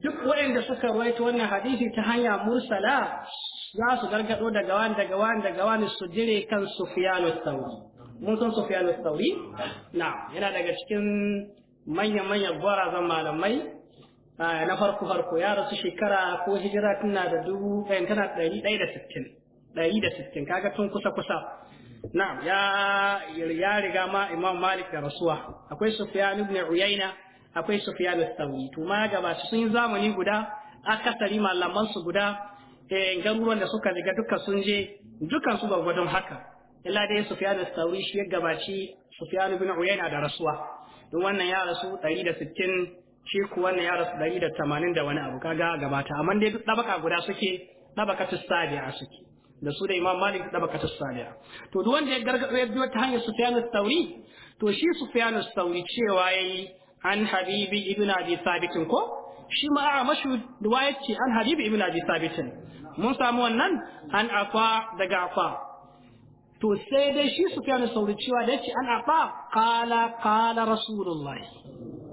duk waɗanda suka rawaito wannan hadisi ta hanya mursala za su gargado daga wani daga wani daga wani su jire kan sufiyanu sauri mun san sufiyanu sauri na yana daga cikin manyan manyan gwarazan malamai na farko farko ya rasu shekara ko hijira tana da dubu ɗaya eh, tana ɗari ɗaya da sittin ɗari da sittin kaga tun kusa kusa na ya riga ma imam malik da rasuwa akwai sufiyanu ibn uyaina akwai Sufyan al-Thawri to ma ga ba sun yi zamani guda akasari malaman su guda eh garuruwan da suka riga duka sun je dukan su gwagwadon haka illa dai Sufyan al-Thawri shi ya gabaci Sufyan ibn Uyayna da rasuwa don wannan ya rasu 160 shi ku wannan ya rasu 180 da wani abu kaga gabata amma dai duk dabaka guda suke dabakatu sabi'a suke da su da Imam Malik dabakatu sabi'a to duk wanda ya gargaɗo ya biyo ta hanyar Sufyan al-Thawri to shi Sufyan al-Thawri cewa yayi an habibi ibn abi sabitin ko shi ma a mashu riwaya ce an habibi ibn abi sabitin mun samu wannan an afa daga afa to sai dai shi sufyan sauri cewa da yace an afa qala qala rasulullahi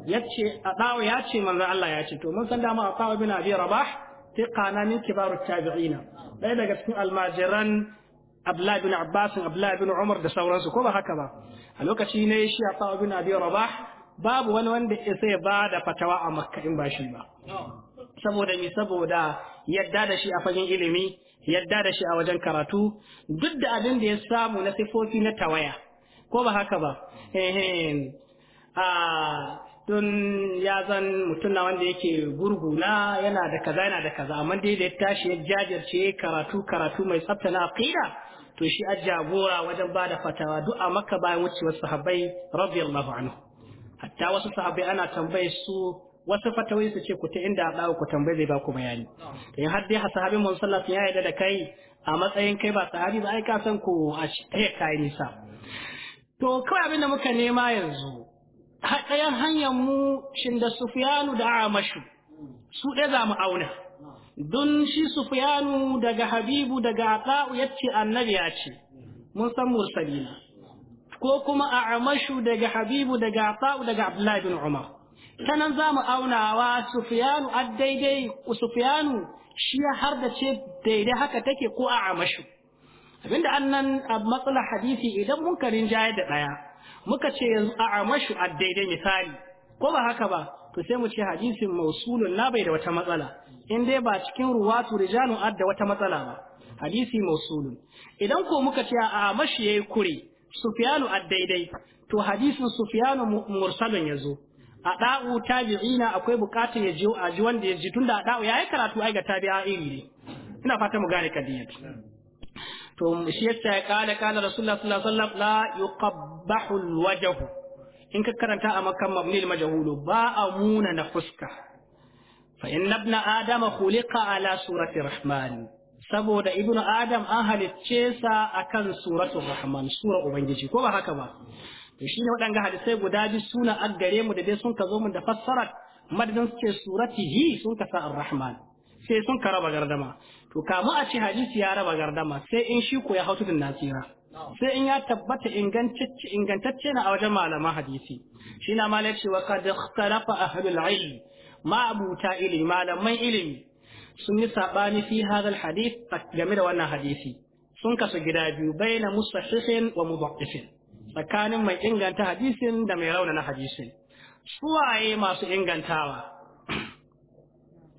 yace adawo yace manzo Allah yace to mun san dama afa ibn abi rabah tiqana min kibarut tabi'ina dai daga cikin almajiran Abdullahi Abbas, Abdullahi Umar da sauransu ko ba haka ba. A lokaci ne shi a bin Abi Rabah babu wani wanda ya sai ba da fatawa a makka in ba shi ba saboda mi saboda yadda da shi a fagen ilimi yadda da shi a wajen karatu duk da abin da ya samu na sifofi na tawaya ko ba haka ba a tun ya zan mutum na wanda yake gurguna yana da kaza yana da kaza amma dai da ya tashi ya jajirce karatu karatu mai tsafta na aqida to shi a jagora wajen ba da fatawa duk a makka bayan wucewar sahabbai radiyallahu anhu hatta wasu sahabbai ana tambaye su wasu fatawai su ce ku ta inda dawo ku tambaye zai ba ku bayani in har dai sahabin mun ya yarda da kai a matsayin kai ba sahabi ba ai ka san ku a shi kai nisa to kawai abin da muka nema yanzu ɗayan hanyar mu shin da sufyanu da amashu su ɗaya za mu auna don shi sufiyanu daga habibu daga ata'u yace annabi ya ce mun san mursalina ko kuma a amashu daga habibu daga ata'u daga abdullahi bin umar ta nan za mu auna wa sufiyanu a daidai sufiyanu shi ya har da ce daidai haka take ko a amashu abinda annan a matsala hadisi idan mun karin jaya da ɗaya muka ce yanzu a amashu a daidai misali ko ba haka ba to sai mu ce hadisin mausulun na bai da wata matsala in dai ba cikin ruwatu rijalun adda wata matsala ba hadisi mausulun idan ko muka ce a amashi yayi kure Sufiyanu ad-daidai to hadisin sufyanu mursalun zo a da'u tabi'ina akwai bukatar ya ji a ji wanda ya ji tunda da'u yayi karatu ai ga tabi'a iri ne ina fata mu gane kadiyat to shi yasa ya kala kala rasulullah sallallahu alaihi wasallam la wajahu in ka karanta a makan mabni al ba a muna na fuska fa inna ibna adama khuliqa ala surati rahmani saboda ibnu adam an halicce sa akan suratul rahman sura ubangiji ko ba haka ba to shine waɗanga hadisai guda biyu suna aggare mu da dai sun ka zo mu da fassarar madadin suke ce suratihi sun ka sa ar-rahman sai sun ka raba gardama to kamu a ce hadisi ya raba gardama sai in shi ko ya hautu din nasira sai in ya tabbata ingantacce ingantacce na a wajen malaman hadisi shi na malai ce wa kad ikhtalafa ahlul ilm ma abuta ilmi malaman ilimi sun yi sabani fi hadal hadith game da wannan hadisi sun kasu gida biyu baina musahihin wa mudhaffifin tsakanin mai inganta hadisin da mai raunana hadisin suwaye masu ingantawa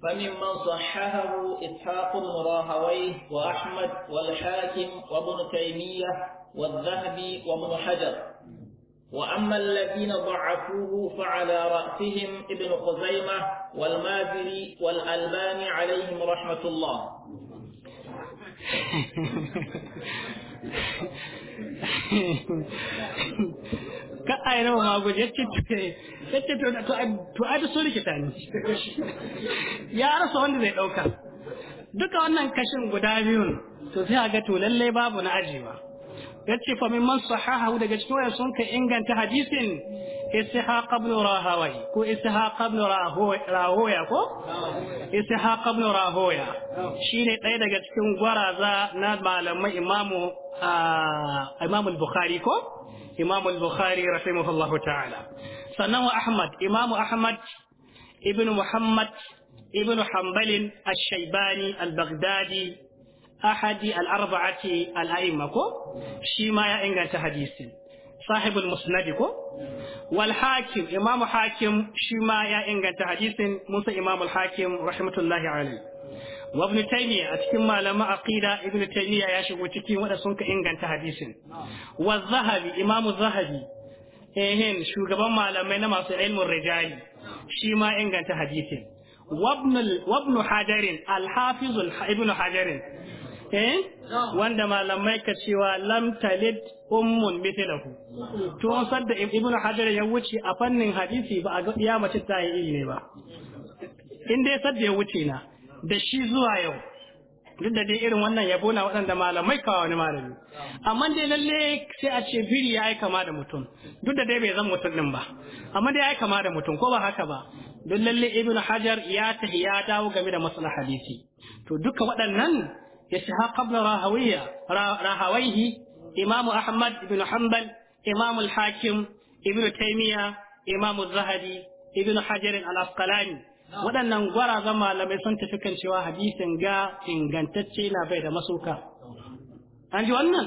فممن صححه إسحاق بن راهويه وأحمد والحاكم وابن تيمية والذهبي وابن حجر وأما الذين ضعفوه فعلى رأسهم ابن خزيمة والمازري والألباني عليهم رحمة الله ka aina yana ma ya ce to a da sori kita ne ya rasa wanda zai ɗauka duka wannan kashin guda biyun to sai ga to lallai babu na ba. yace fa mimman sahahahu daga cikin waya sun ka inganta hadisin ishaq ibn rahawai ko ishaq ibn rahoya ko ishaq ibn rahoya shine ɗaya daga cikin gwaraza na malamai imamu imamu al-bukhari ko imamu al-bukhari rahimahullahu ta'ala sannan wa ahmad imamu ahmad ibn muhammad ibn hanbalin ash-shaybani al-baghdadi ahadi al-arba'ati al-a'imma ko shi ma ya inganta hadisin sahibul musnadi ko wal hakim imamu hakim shi ma ya inganta hadisin musa imamul hakim rahmatullahi alaihi wa ibn taymiya a cikin malama aqida ibn taymiya ya shigo cikin wanda sun ka inganta hadisin wa zahabi imamu zahabi ehin shugaban malamai na masu ilmin rijali shi ma inganta hadisin Wabnu ال... وابن حجر الحافظ الح... eh wanda malamai ka cewa lam talid ummun mithlahu to sadda ibn hajar ya wuce a fannin hadisi ba a ga iya mace ta yi ne ba in dai sadda ya wuce na da shi zuwa yau duk da dai irin wannan yabo na waɗanda malamai kawo wani malami amma dai lalle sai a ce biri ya yi kama da mutum duk da dai bai zan mutum din ba amma dai ya yi kama da mutum ko ba haka ba duk lalle ibn hajar ya tahi ya dawo game da matsalar hadisi to duka waɗannan يشهى قبل راهوية راهويه إمام أحمد بن حنبل إمام الحاكم ابن تيمية إمام الزهدي ابن حجر العسقلاني waɗannan gwarazan malamai sun tafi kan cewa hadisin ga ingantacce na bai da masuka an ji wannan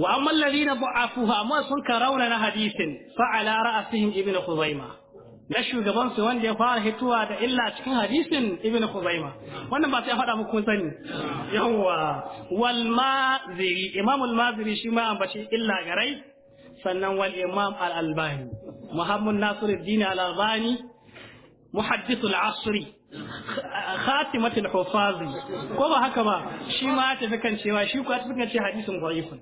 wa amma alladhina bu'afuha amma sun ka na hadisin fa ala ra'sihim ibnu khuzaimah na shugaban su wanda ya fara hituwa da illa cikin hadisin ibn khuzaima wannan ba sai faɗa muku sani yawa wal maziri imam al maziri shi ma ambaci illa garai sannan wal imam al albani muhammad nasiruddin al albani muhaddith al asri khatimat al hufaz ko ba haka ba shi ma ta fi kan cewa shi ko ta fi kan cewa hadisin da'ifun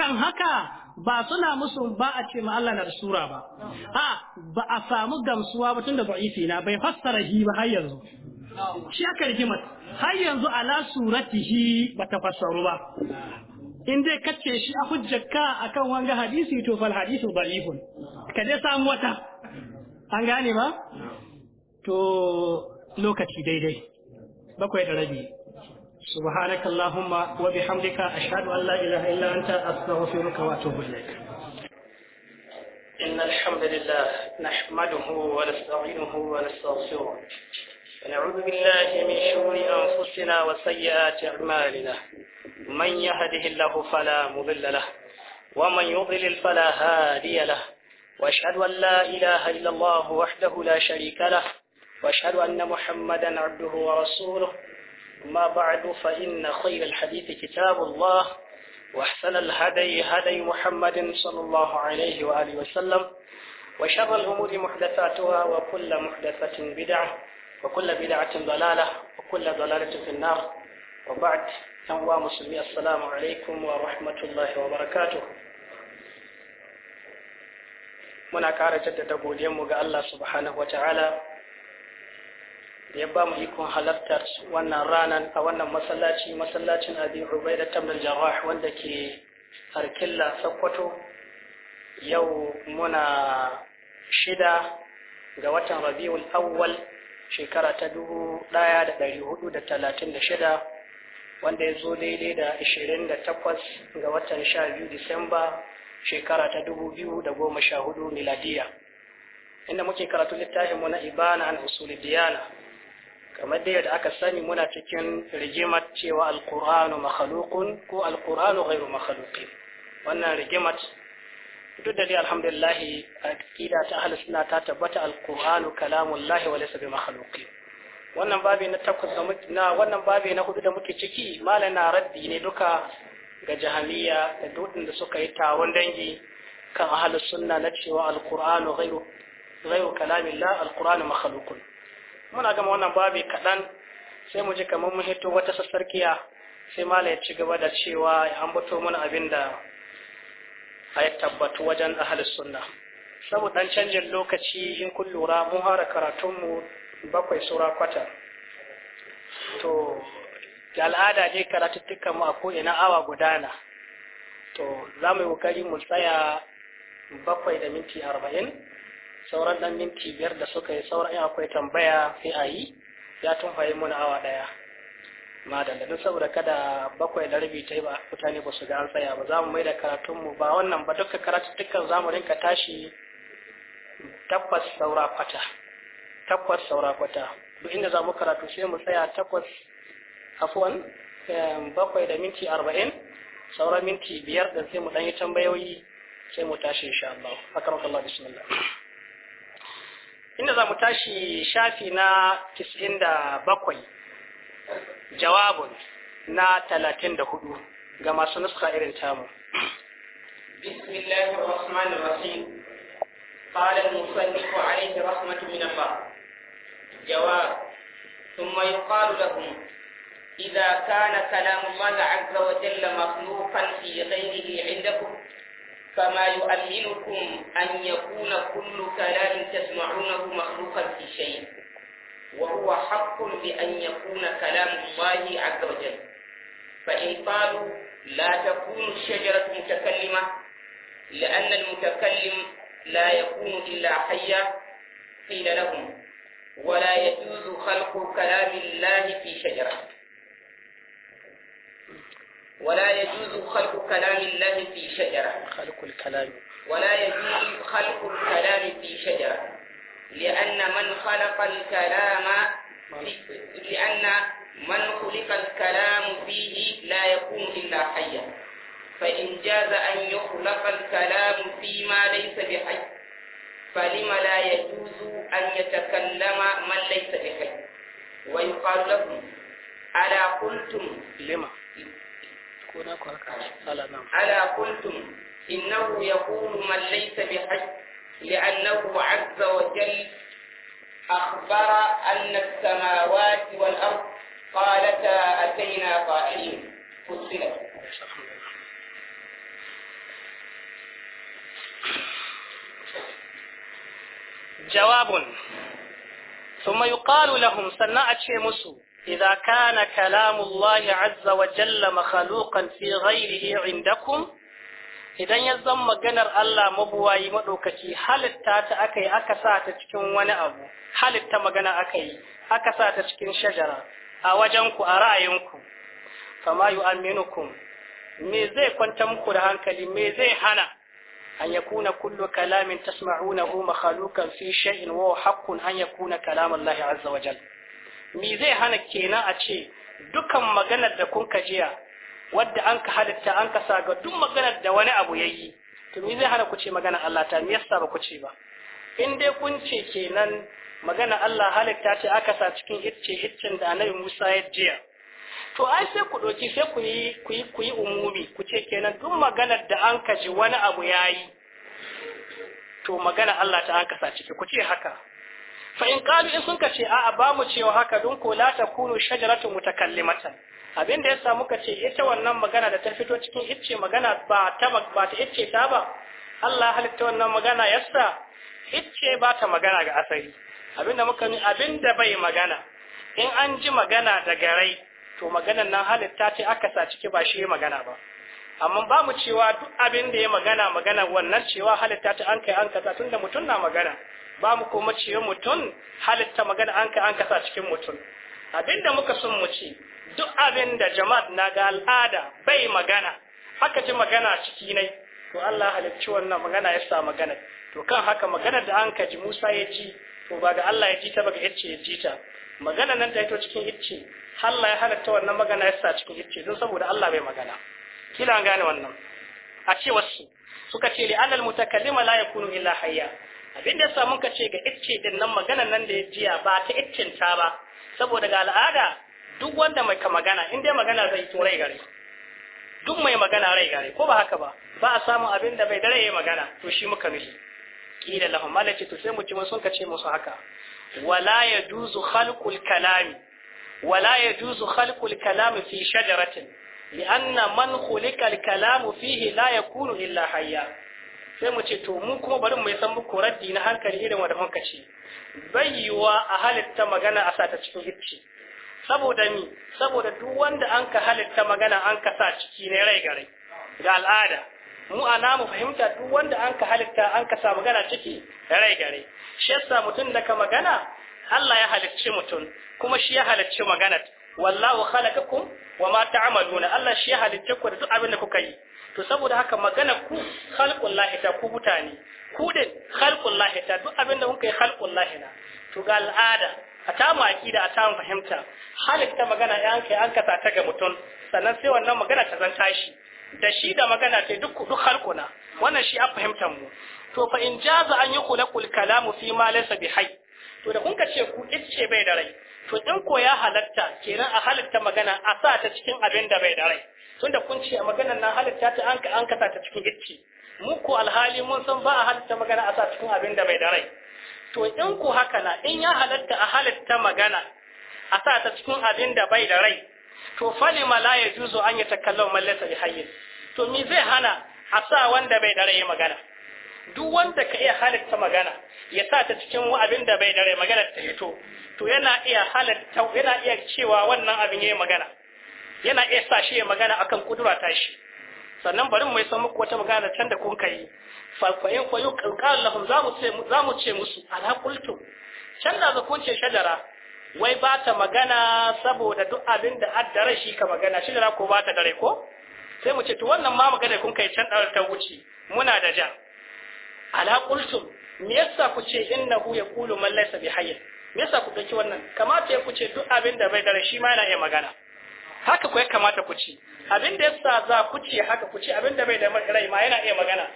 kan haka ba suna musu ba a ce ma Allah na sura ba a ba a samu gamsuwa ba tunda da'ifi na bai fassara shi ba har yanzu shi aka rigimar har yanzu ala shi ba ta fassaru ba in dai kace shi a a kan wanga hadisi to fal hadisu da'ifun ka dai samu wata an gane ba to lokaci daidai bakwai da rabi سبحانك اللهم وبحمدك أشهد أن لا إله إلا أنت أستغفرك وأتوب إليك إن الحمد لله نحمده ونستعينه ونستغفره ونعوذ بالله من شرور أنفسنا وسيئات أعمالنا من يهده الله فلا مضل له ومن يضلل فلا هادي له وأشهد أن لا إله إلا الله وحده لا شريك له وأشهد أن محمدا عبده ورسوله ما بعد فإن خير الحديث كتاب الله وأحسن الهدي هدي محمد صلى الله عليه وآله وسلم وشر الأمور محدثاتها وكل محدثة بدعة وكل بدعة ضلالة وكل ضلالة في النار وبعد أنواع مسلمي السلام عليكم ورحمة الله وبركاته muna ƙara jaddada godiyanmu ga Allah subhanahu wa ta'ala ya ba mu ikon halartar wannan ranar a wannan masallaci masallacin abi da tamil jarrah wanda ke harkilla sakkwato yau muna shida ga watan rabiul awwal shekara ta dubu ɗaya da ɗari hudu da talatin da shida wanda ya zo daidai da ashirin da takwas ga watan sha biyu disamba shekara ta dubu biyu da goma sha hudu miladiya inda muke karatu littafin na ibana an usuli diyana kamar da yadda aka sani muna cikin rigimar cewa alkur'anu makhalukun ko alkur'anu ghairu makhalukin wannan rigimat duk da dai alhamdulillah aqida ta ahlus sunna ta tabbata alqur'anu kalamullah wa laysa bi makhluqi wannan babi na takwas na wannan babi na hudu da muke ciki malam na raddi ne duka ga jahamiya da dukkan da suka yi taron dangi kan ahlus sunna na cewa alqur'anu ghairu ghairu kalamillah alqur'anu makhluqun muna gama wannan babi kaɗan sai mu ji kamar mun hito wata sassarkiya sai mala ya ci gaba da cewa ya ambato mana abin da a tabbatu wajen ahalis sunna saboda ɗan canjin lokaci in kun lura mun fara karatunmu bakwai sura kwata to da al'ada ne karatuttukan mu a ko'ina awa gudana to za mu yi kokari mu tsaya bakwai da minti arba'in sauran dan minti biyar da suka yi sauran in akwai tambaya sai a yi ya tun fahimu na awa daya da don saboda kada bakwai da rabi ta yi ba mutane ba su ga an tsaya ba za mu mai da karatunmu ba wannan ba duka dukkan za mu rinka tashi tabbas saura kwata takwas saura kwata duk inda za mu karatu sai mu tsaya takwas afuwan bakwai da minti arba'in sauran minti biyar da sai mu yi tambayoyi sai mu tashi insha Allah. Akaramakallah bismillah. inda za mu tashi shafi na 97 jawabun na 34 ga masu nuska irin tamu bismillahir rahmanir rahim qala al-musannif alayhi rahmatun min Allah jawab thumma yuqalu lahum idha kana kalam Allah azza wa jalla makhluqan fi فما يؤمنكم أن يكون كل كلام تسمعونه مخلوقا في شيء وهو حق بأن يكون كلام الله عز وجل فإن قالوا لا تكون الشجرة متكلمة لأن المتكلم لا يكون إلا حيا قيل لهم ولا يجوز خلق كلام الله في شجره ولا يجوز خلق كلام الله في شجرة خلق الكلام ولا يجوز خلق الكلام في شجرة لأن من خلق الكلام لأن من خلق الكلام فيه لا يكون إلا حيا فإن جاز أن يخلق الكلام فيما ليس بحي فلم لا يجوز أن يتكلم من ليس بحي ويقال لهم ألا قلتم لما ألا قلتم إنه يكون من ليس بحج لأنه عز وجل أخبر أن السماوات والأرض قالتا أتينا طائعين فصلت جواب ثم يقال لهم شيء مسو إذا كان كلام الله عز وجل مخلوقا في غيره عندكم idan ya zan maganar Allah mabuwayi maɗaukaci halitta ta aka yi aka sa ta cikin wani abu halitta magana aka yi aka sa ta cikin shajara a wajenku a ra'ayinku fama yu aminukum me zai kwanta muku da hankali me zai hana an yakuna kullu kalamin tasma'unahu makhluqan fi shay'in wa haqqun an yakuna kalamullahi azza wa jalla me zai hana kenan a ce dukan maganar da kun kajiya wadda an ka halitta an ka saga ga duk maganar da wani abu yayi to mi zai hana ku ce maganar Allah ta mi yasa ba ku ce ba in dai kun ce kenan maganar Allah halitta ce aka sa cikin icce iccen da Annabi Musa ya jiya to ai sai ku doki sai ku yi ku yi ku yi umumi ku ce kenan duk maganar da an kaji wani abu ya yi. to magana Allah ta an kasa ciki ku ce haka fa in qalu in sun kace a'a ba mu cewa haka dun ko la takunu shajaratu mutakallimatan abin da yasa muka ce ita wannan magana da ta fito cikin icce magana ba ta ba ta icce ta ba Allah halitta wannan magana yasa icce ba ta magana ga asali abinda muka ni abinda bai magana in an ji magana daga rai to maganar nan halitta ce aka sa ciki ba shi magana ba amma ba mu cewa duk abin da ya magana magana wannan cewa halitta ta an kai an kasa tunda mutum na magana ba mu kuma ciye mutum halitta magana an ka an kasa cikin mutum abinda muka sun mu ci duk abin da jama'at na ga al'ada bai magana aka ji magana ciki ne to Allah halicci wannan magana ya sa magana to kan haka magana da an ka ji Musa ya ji to ba ga Allah ya ji ta ba ga yace ya ji ta magana nan ta ito cikin icce Allah ya halatta wannan magana ya sa cikin icce don saboda Allah bai magana kila an gane wannan a ce wasu suka ce li'anal mutakallima la yakunu illa hayya abin da ya samu ka ce ga icce din nan magana nan da ya jiya ba ta iccen ta ba saboda ga al'ada duk wanda mai ka magana in dai magana zai yi turai gare duk mai magana rai gare ko ba haka ba ba a samu abin da bai ya yi magana to shi muka mishi kila lahum malaki to sai mu ci mun son ka ce musu haka wala yaduzu khalqul kalami wala yaduzu khalqul kalami fi shajaratin لأن من خلق la fihi la yakunu illa hayya sai mu ce to mu kuma bari mu san muku raddi na hankali irin da muka ce bai wa a halitta magana a sata cikin hicci saboda ni saboda duk wanda an ka halitta magana an ka sa ciki ne rai ga rai ga al'ada mu ana mu fahimta duk wanda an ka halitta an ka sa magana ciki rai ga rai shi yasa mutum da ka magana Allah ya halicci mutum kuma shi ya halicci magana wallahu khalaqakum wa ma ta'maluna Allah shi ya halicce ku da duk abin da kuka yi to saboda haka magana ku khalqul lahi ta ku mutane ku din khalqul lahi ta duk abin da kuka yi khalqul lahi na to ga al'ada a ta mu akida a ta fahimta halitta magana an kai an kasa ta ga mutum sannan sai wannan magana ta zan tashi da shi da magana ta duk duk halkuna wannan shi an fahimtar mu to fa in jaza an yi kulakul kalamu fi ma laysa bi hayy to da kun ka ce ku ice bai da rai to in koya ya halatta kenan a halitta magana a sa ta cikin abin da bai da rai tunda kun ce maganar nan halitta ta an an kasa ta cikin gicci mu ko alhali mun san ba a halitta magana a sa cikin abin da bai da rai to in ku haka na in ya halatta a halitta magana a sa ta cikin abin da bai da rai to fali la ya juzo an yi takallau mallasa bi hayyin to me zai hana a sa wanda bai da rai magana duk wanda ka iya halitta magana ya sa ta cikin abin da bai da rai magana ta hito to yana iya halitta yana iya cewa wannan abin yayi magana yana iya sa shi ya magana akan kudura ta shi sannan bari mu san muku wata magana can da kun kai fa fa in fa za mu ce musu ala qultu can da kun ce shajara wai ba ta magana saboda duk abin da addara shi ka magana shajara ko ba ta dare ko sai mu ce to wannan ma magana kun kai can da ta wuce muna da ja ala qultu me yasa ku ce innahu Kulu mallai sabi hayyar me yasa ku ɗauki wannan kamata ya ku ce duk abin da bai dare shi ma yana iya magana haka ku ya kamata ku ci abin da sa za ku ci haka ku ci abin da bai da rai ma yana iya magana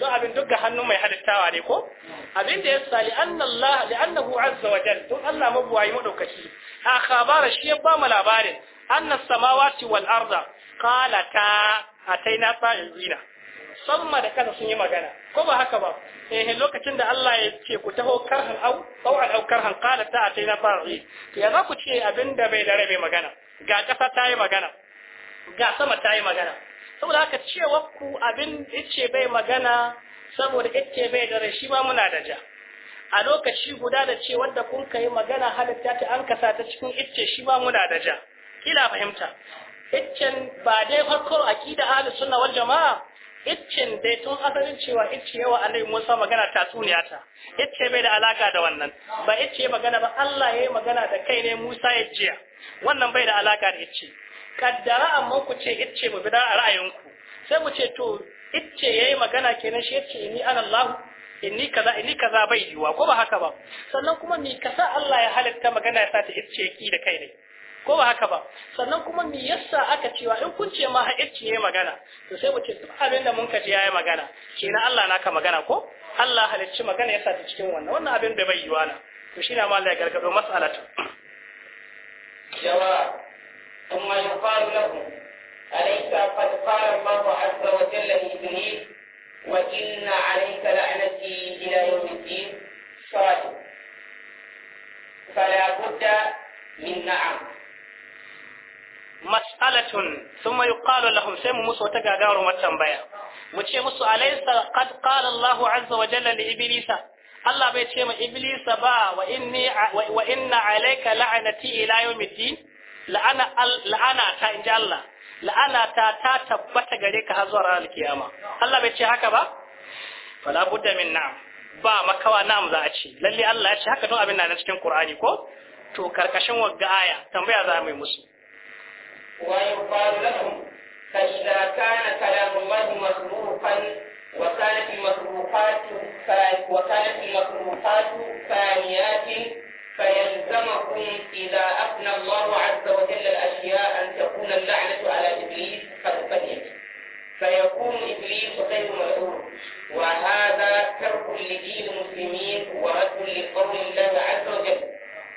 don abin duk ga hannun mai halittawa ne ko abin da yasa li Allah li azza wa jalla don Allah mabuwayi madaukaci a khabara shi ya ba mu labarin anna samawati wal arda qalata ataina sa'izina samma da kansa sun yi magana ko ba haka ba eh lokacin da Allah ya ce ku taho karhan au au al au qalata ataina sa'izina ya za ku ce abin da bai da rai magana ga ƙasa ta yi magana ga sama ta yi magana saboda haka cewa ku abin ice bai magana saboda ice bai da shi ba muna da ja a lokaci guda da ce wadda kun kai magana halitta ta an kasa ta cikin ice shi ba muna da ja kila fahimta iccen ba dai farko aqida ahlus sunna wal jamaa iccen dai tun asalin cewa icce yawa alai Musa magana ta tsuniya ta icce bai da alaka da wannan ba icce magana ba Allah ya yi magana da kai ne Musa ya jiya wannan bai da alaka da icce kaddara amma ku ce icce mu bi da ra'ayinku sai mu ce to icce yayi magana kenan shi yace inni ana Allah inni kaza inni kaza bai yiwa ko ba haka ba sannan kuma me kasa Allah ya halitta magana ya sa ta icce ki da kai ne ko ba haka ba sannan kuma me yasa aka cewa in kun ce ma haƙƙi yayi magana to sai mu ce duk abin da mun ka ji yayi magana kenan Allah naka magana ko Allah halicci magana yasa ta cikin wannan wannan abin bai bai yiwa na to shi na ma Allah ya gargado mas'alatu جواب ثم يقال لهم أليس قد قال الله عز وجل لإبليس وإن عليك لعنتي إلى يوم الدين صادق فلا بد من نعم مسألة ثم يقال لهم سيم مسو تغاغارو متنبيا mu ce musu أليس قد قال الله عز وجل لإبليس Allah bai ce ma Iblis ba wa inni wa inna alayka la'anati ila yawmiddin la'ana la'ana ta inji Allah la'ana ta ta tabbata gare ka har zuwa ranar kiyama Allah bai ce haka ba fala budda min na'am ba makawa na'am za a ce lalle Allah ya ce haka don abin na cikin Qur'ani ko to karkashin wagga aya tambaya za mu yi musu wa yuqalu lahum kashla kana kalamullahi masrufan وكانت المكروهات وكانت المكروهات فانيات فيلزمكم إذا أفنى الله عز وجل الأشياء أن تكون اللعنة على إبليس قد فنيت فيكون إبليس غير مأذور وهذا ترك لدين المسلمين ورد لقول الله عز وجل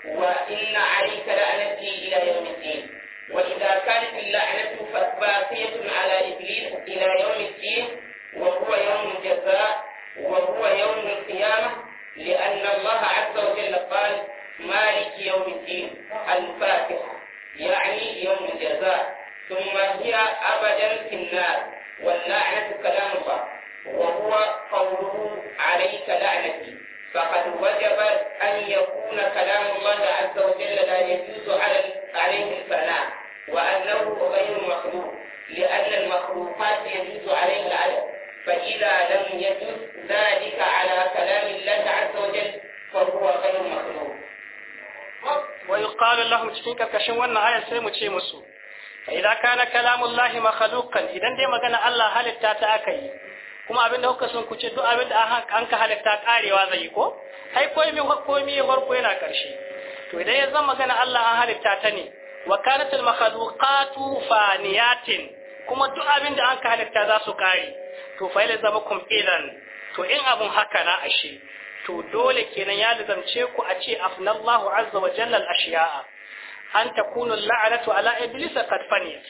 وإن عليك لعنتي إلى يوم الدين وإذا كانت اللعنة فباقية على إبليس إلى يوم الدين وهو يوم الجزاء وهو يوم القيامة لأن الله عز وجل قال مالك يوم الدين الفاتحة يعني يوم الجزاء ثم هي أبدا في النار واللعنة كلام الله وهو قوله عليك لعنتي فقد وجب أن يكون كلام الله عز وجل لا يجوز عليه الفناء وأنه غير مخلوق لأن المخلوقات يجوز عليه العدل فإذا لم يدل ذلك على كلام الله عز وجل فهو غير مخلوق ويقال لهم cikin karkashin wannan aya sai mu ce musu idza kana kalamullahi makhluqan idan dai magana Allah halitta ta kuma abin da kuka sun kuce duk abin da an ka halitta karewa zai yi, ko ai koyi mi koyi farko yana karshe to idan ya zama magana Allah an halitta ta ne wa kanatul makhluqatu faniyatin kuma duk abin da an ka halitta za su kare to fa zama zabakum idan to in abun haka na ashe to dole kenan ya lazamce ku a ce afnallahu azza wa jalla al ashiya'a an takunu la'anatu ala iblis qad faniyat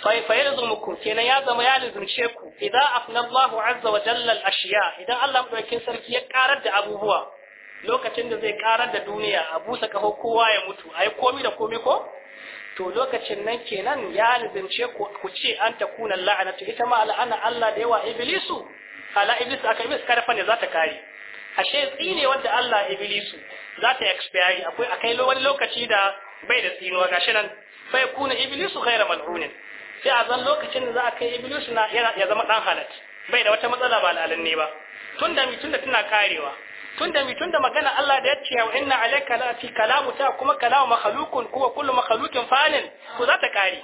fa zama yalzumukum kenan ya zama ya lazamce ku idan afnallahu azza wa jalla al ashiya idan Allah madaukakin sarki ya karar da abubuwa lokacin da zai karar da duniya a busa kaho kowa ya mutu ai komi da komi ko to lokacin nan kenan ya alzimce ku ce an ta kunan To ita ma la'ana Allah da yawa iblisu ala iblisu aka iblisu karfa ne za ta kare ashe tsine wanda Allah iblisu za ta expire akwai akai wani lokaci da bai da tsinuwa gashi nan fa kuna iblisu ghayra mal'unin sai a zan lokacin da za a kai iblisu na ya zama dan halat bai da wata matsala ba al'alan ne ba tunda mi tunda tana karewa tunda mi tunda magana Allah da yace wa inna alayka la fi kalamu ta kuma kalamu makhluqun kuwa kullu makhluqin fa'alin ku za ta kare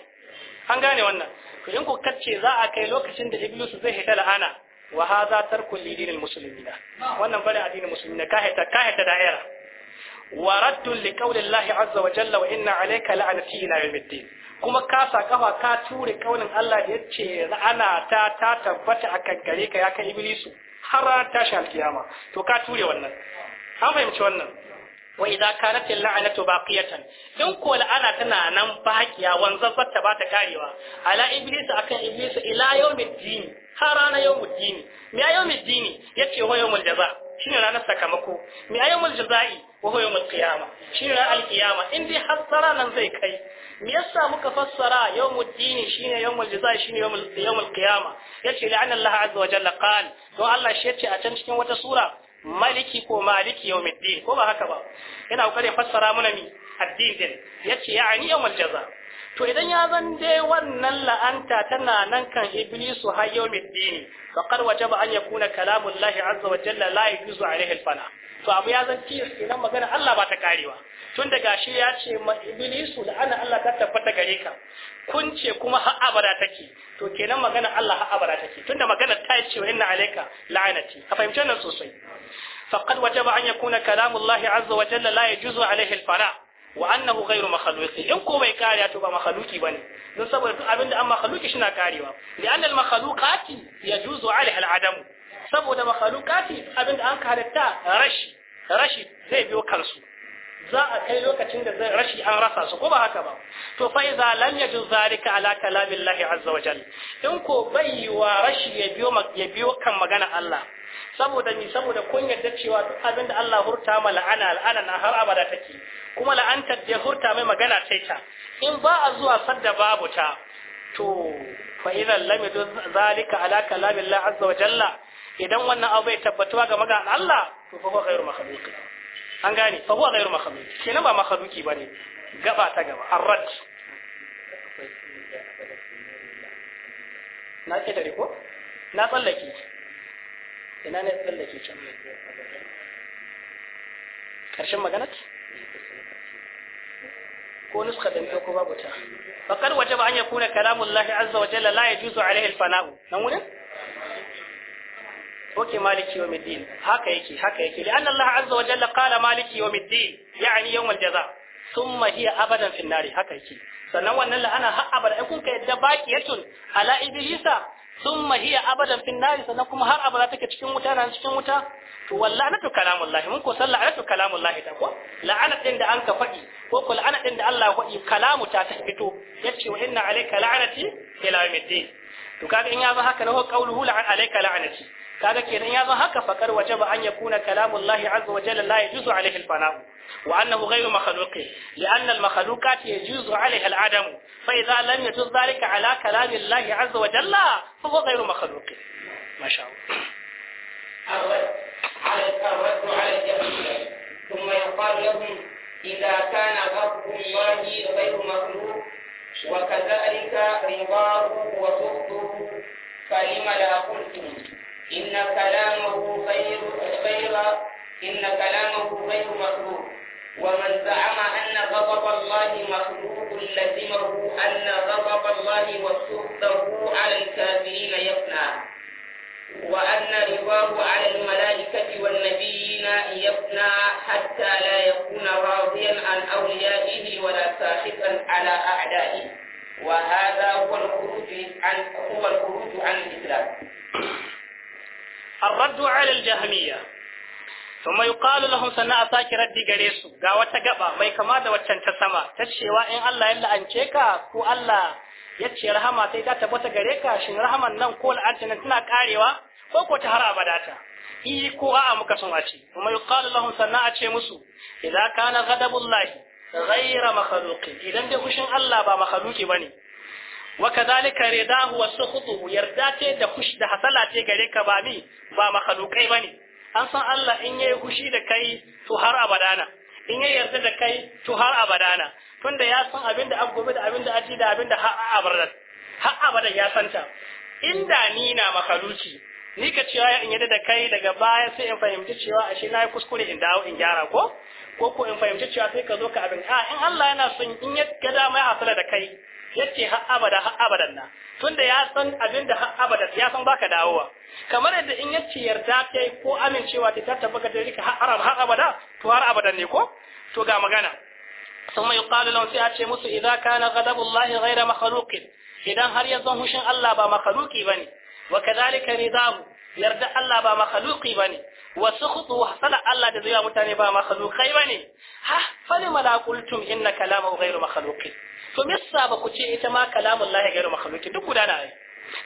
an gane wannan to in ku kace za a kai lokacin da iblis zai hita la'ana wa hadha tarku lidinil muslimina wannan bari addinin muslimina ka hita ka hita da'ira wa raddun li qawli Allah azza wa jalla wa inna alayka la'anati ila yawmiddin kuma ka sa kafa ka ture kaunin Allah da yace la'ana ta ta tabbata akan gare ka ya kai iblisu har tashi alkiyama to ka ture wannan an fahimci wannan wa idza kanat al-la'natu baqiyatan in ko la'ana tana nan baqiya wanzar ta ba ta karewa ala iblis akan iblis ila yawmiddin har rana yawmiddin me yawmiddin yace wa yawmul jaza shine ranar sakamako me yawmul jazai wa yawmul qiyama shine ranar al-qiyama in dai har nan zai kai me yasa muka fassara yawmul dini shine yawmul jazaa shine yawmul yawmul qiyama yace la'ana Allah azza wa jalla qal to Allah shi yace a can cikin wata sura maliki ko maliki yawmiddin ko ba haka ba ina kokarin fassara mana mi addin din yace ya'ani yawmul jazaa to idan ya zan dai wannan la'anta tana nan kan iblisu har yawmiddin faqad wajaba an yakuna kalamullahi azza wa jalla la yujuzu alaihi al to abu ya zan tilas kenan magana Allah ba ta karewa tun da gashi ya ce ma iblisu da ana Allah ta tabbata gare ka kun ce kuma har abada take to kenan magana Allah har abada take tunda magana ta ce wa inna alayka la'anati ka fahimci nan sosai faqad wajaba an yakuna kalamu Allah azza wa jalla la yajuzu alayhi al-fara wa annahu ghayru makhluqi in ko bai kariya to ba makhluqi bane don saboda duk abinda an makhluqi shi na karewa li anna al-makhluqati yajuzu alayha al-adamu saboda makalukati abin da an halitta rashi rashi zai biyo kansu za a kai lokacin da zai rashi an rasa su ko ba haka ba to fa iza lam yajuz zalika ala kalamillahi azza wajal in ko bai wa rashi ya biyo ya biyo kan magana Allah saboda ni saboda kun yarda cewa duk abin da Allah hurta ma la'ana la'ana na har abada take kuma la'antar da hurta mai magana sai ta in ba a zuwa sadda babu ta to fa idan lam yadu zalika ala kalamillahi azza wa idan wannan abu bai tabbatuwa game ga Allah to fa huwa ghairu makhluqi an gane fa huwa ghairu makhluq kenan ba makhluqi bane gaba ta gaba arrad na ƙetare ko na tsallake ina ne tsallake can karshen magana ko nuska da ko babu ta waje wajaba an yakuna kalamullahi azza wa jalla la yajuzu alaihi al-fana'u nan wurin اوكي مالك يوم الدين هكا يكي هكا يكي لأن الله عز وجل قال مالك يوم الدين يعني يوم الجزاء ثم هي أبدا في النار هكا يكي sannan wannan la'ana har abada in kun ka yadda baqiyatun ala iblisa thumma hiya abadan fin nar sannan kuma har abada take cikin wuta nan cikin wuta to wallanatu kalamullahi mun ko sallah alatu kalamullahi ta ko la'ana din da an ka faɗi ko ko la'ana da Allah faɗi kalamu ta ta fito yace wa la'anati ila ba haka na ko qauluhu la'anati kaga kenan ya zan haka fakar waje ba an yakuna kalamullahi azza wa jalla la yajuzu alaihi al-fana'u wa annahu ghayru makhluqin li'anna al-makhluqat yajuzu alaiha al-adam fa idha lam yajuz dhalika ala kalamillahi azza wa jalla fa huwa ghayru makhluqin ma sha Allah ala ala al-tawaddu على الرد على الجهمية ثم يقال لهم إذا كان غضب الله غير مخلوق وكذلك رضاه وسخطه فلم la qultu إن كلامه غير غير إن كلامه غير مخلوق ومن زعم أن غضب الله مخلوق لزمه أن غضب الله وسخطه على الكافرين يفنى وأن رضاه على الملائكة والنبيين يفنى حتى لا يكون راضيا عن أوليائه ولا ساخطا على أعدائه وهذا هو الخروج عن هو الخروج عن الإسلام الرد على الجهمية ثم يقال لهم سنة أساكي ردي غريسو غاوة غبا ما يكما دا وچان تسما تشيوا إن الله إلا أنشيكا كو الله يتشي رحمة تيدا تبوتا غريكا شن رحمة نم كول أنتنا تنا كاريوا فوكو تهرى بداتا إيه كو آآ مكسون أتي ثم يقال لهم سنة أتشي مسو إذا كان غضب الله غير مخلوق إذا دي الله با مخلوق بني Wakazali kare ridahu wa sukhutuhu yarda ce da kush hasala ce gare ka ba mi ba makhlukai bane an san Allah in yayi kushi da kai to har abadana in yayi yarda da kai to har abadana tunda ya san abinda an gobe da abinda aji da abinda har abadan har abadan ya santa inda ni na makhaluki ni ka cewa in yarda da kai daga baya sai in fahimci cewa ashe na yi kuskure in dawo in gyara ko ko in fahimci cewa sai ka zo ka abin a ah, in Allah yana son in ya ga dama ya hasala da kai yace har abada har abadan na tunda ya san abin da har abada ya san baka dawowa kamar yadda in yace yarda kai ko amincewa ta ka da rika har har abada to har abadan ne ko to ga magana ثم يقال لهم sai musu idza kana ghadabullahi ghayra makhluq idan har yanzu hushin Allah ba makhluqi bane wa kadhalika ridahu yarda Allah ba makhluqi bane wa sukhtu hasala Allah da zuwa mutane ba makhluqai bane ha fali malaqultum inna kalamahu ghayru makhluqi to missa ba ku ce ita ma kalamun lahi gairu makhluki duk guda na ai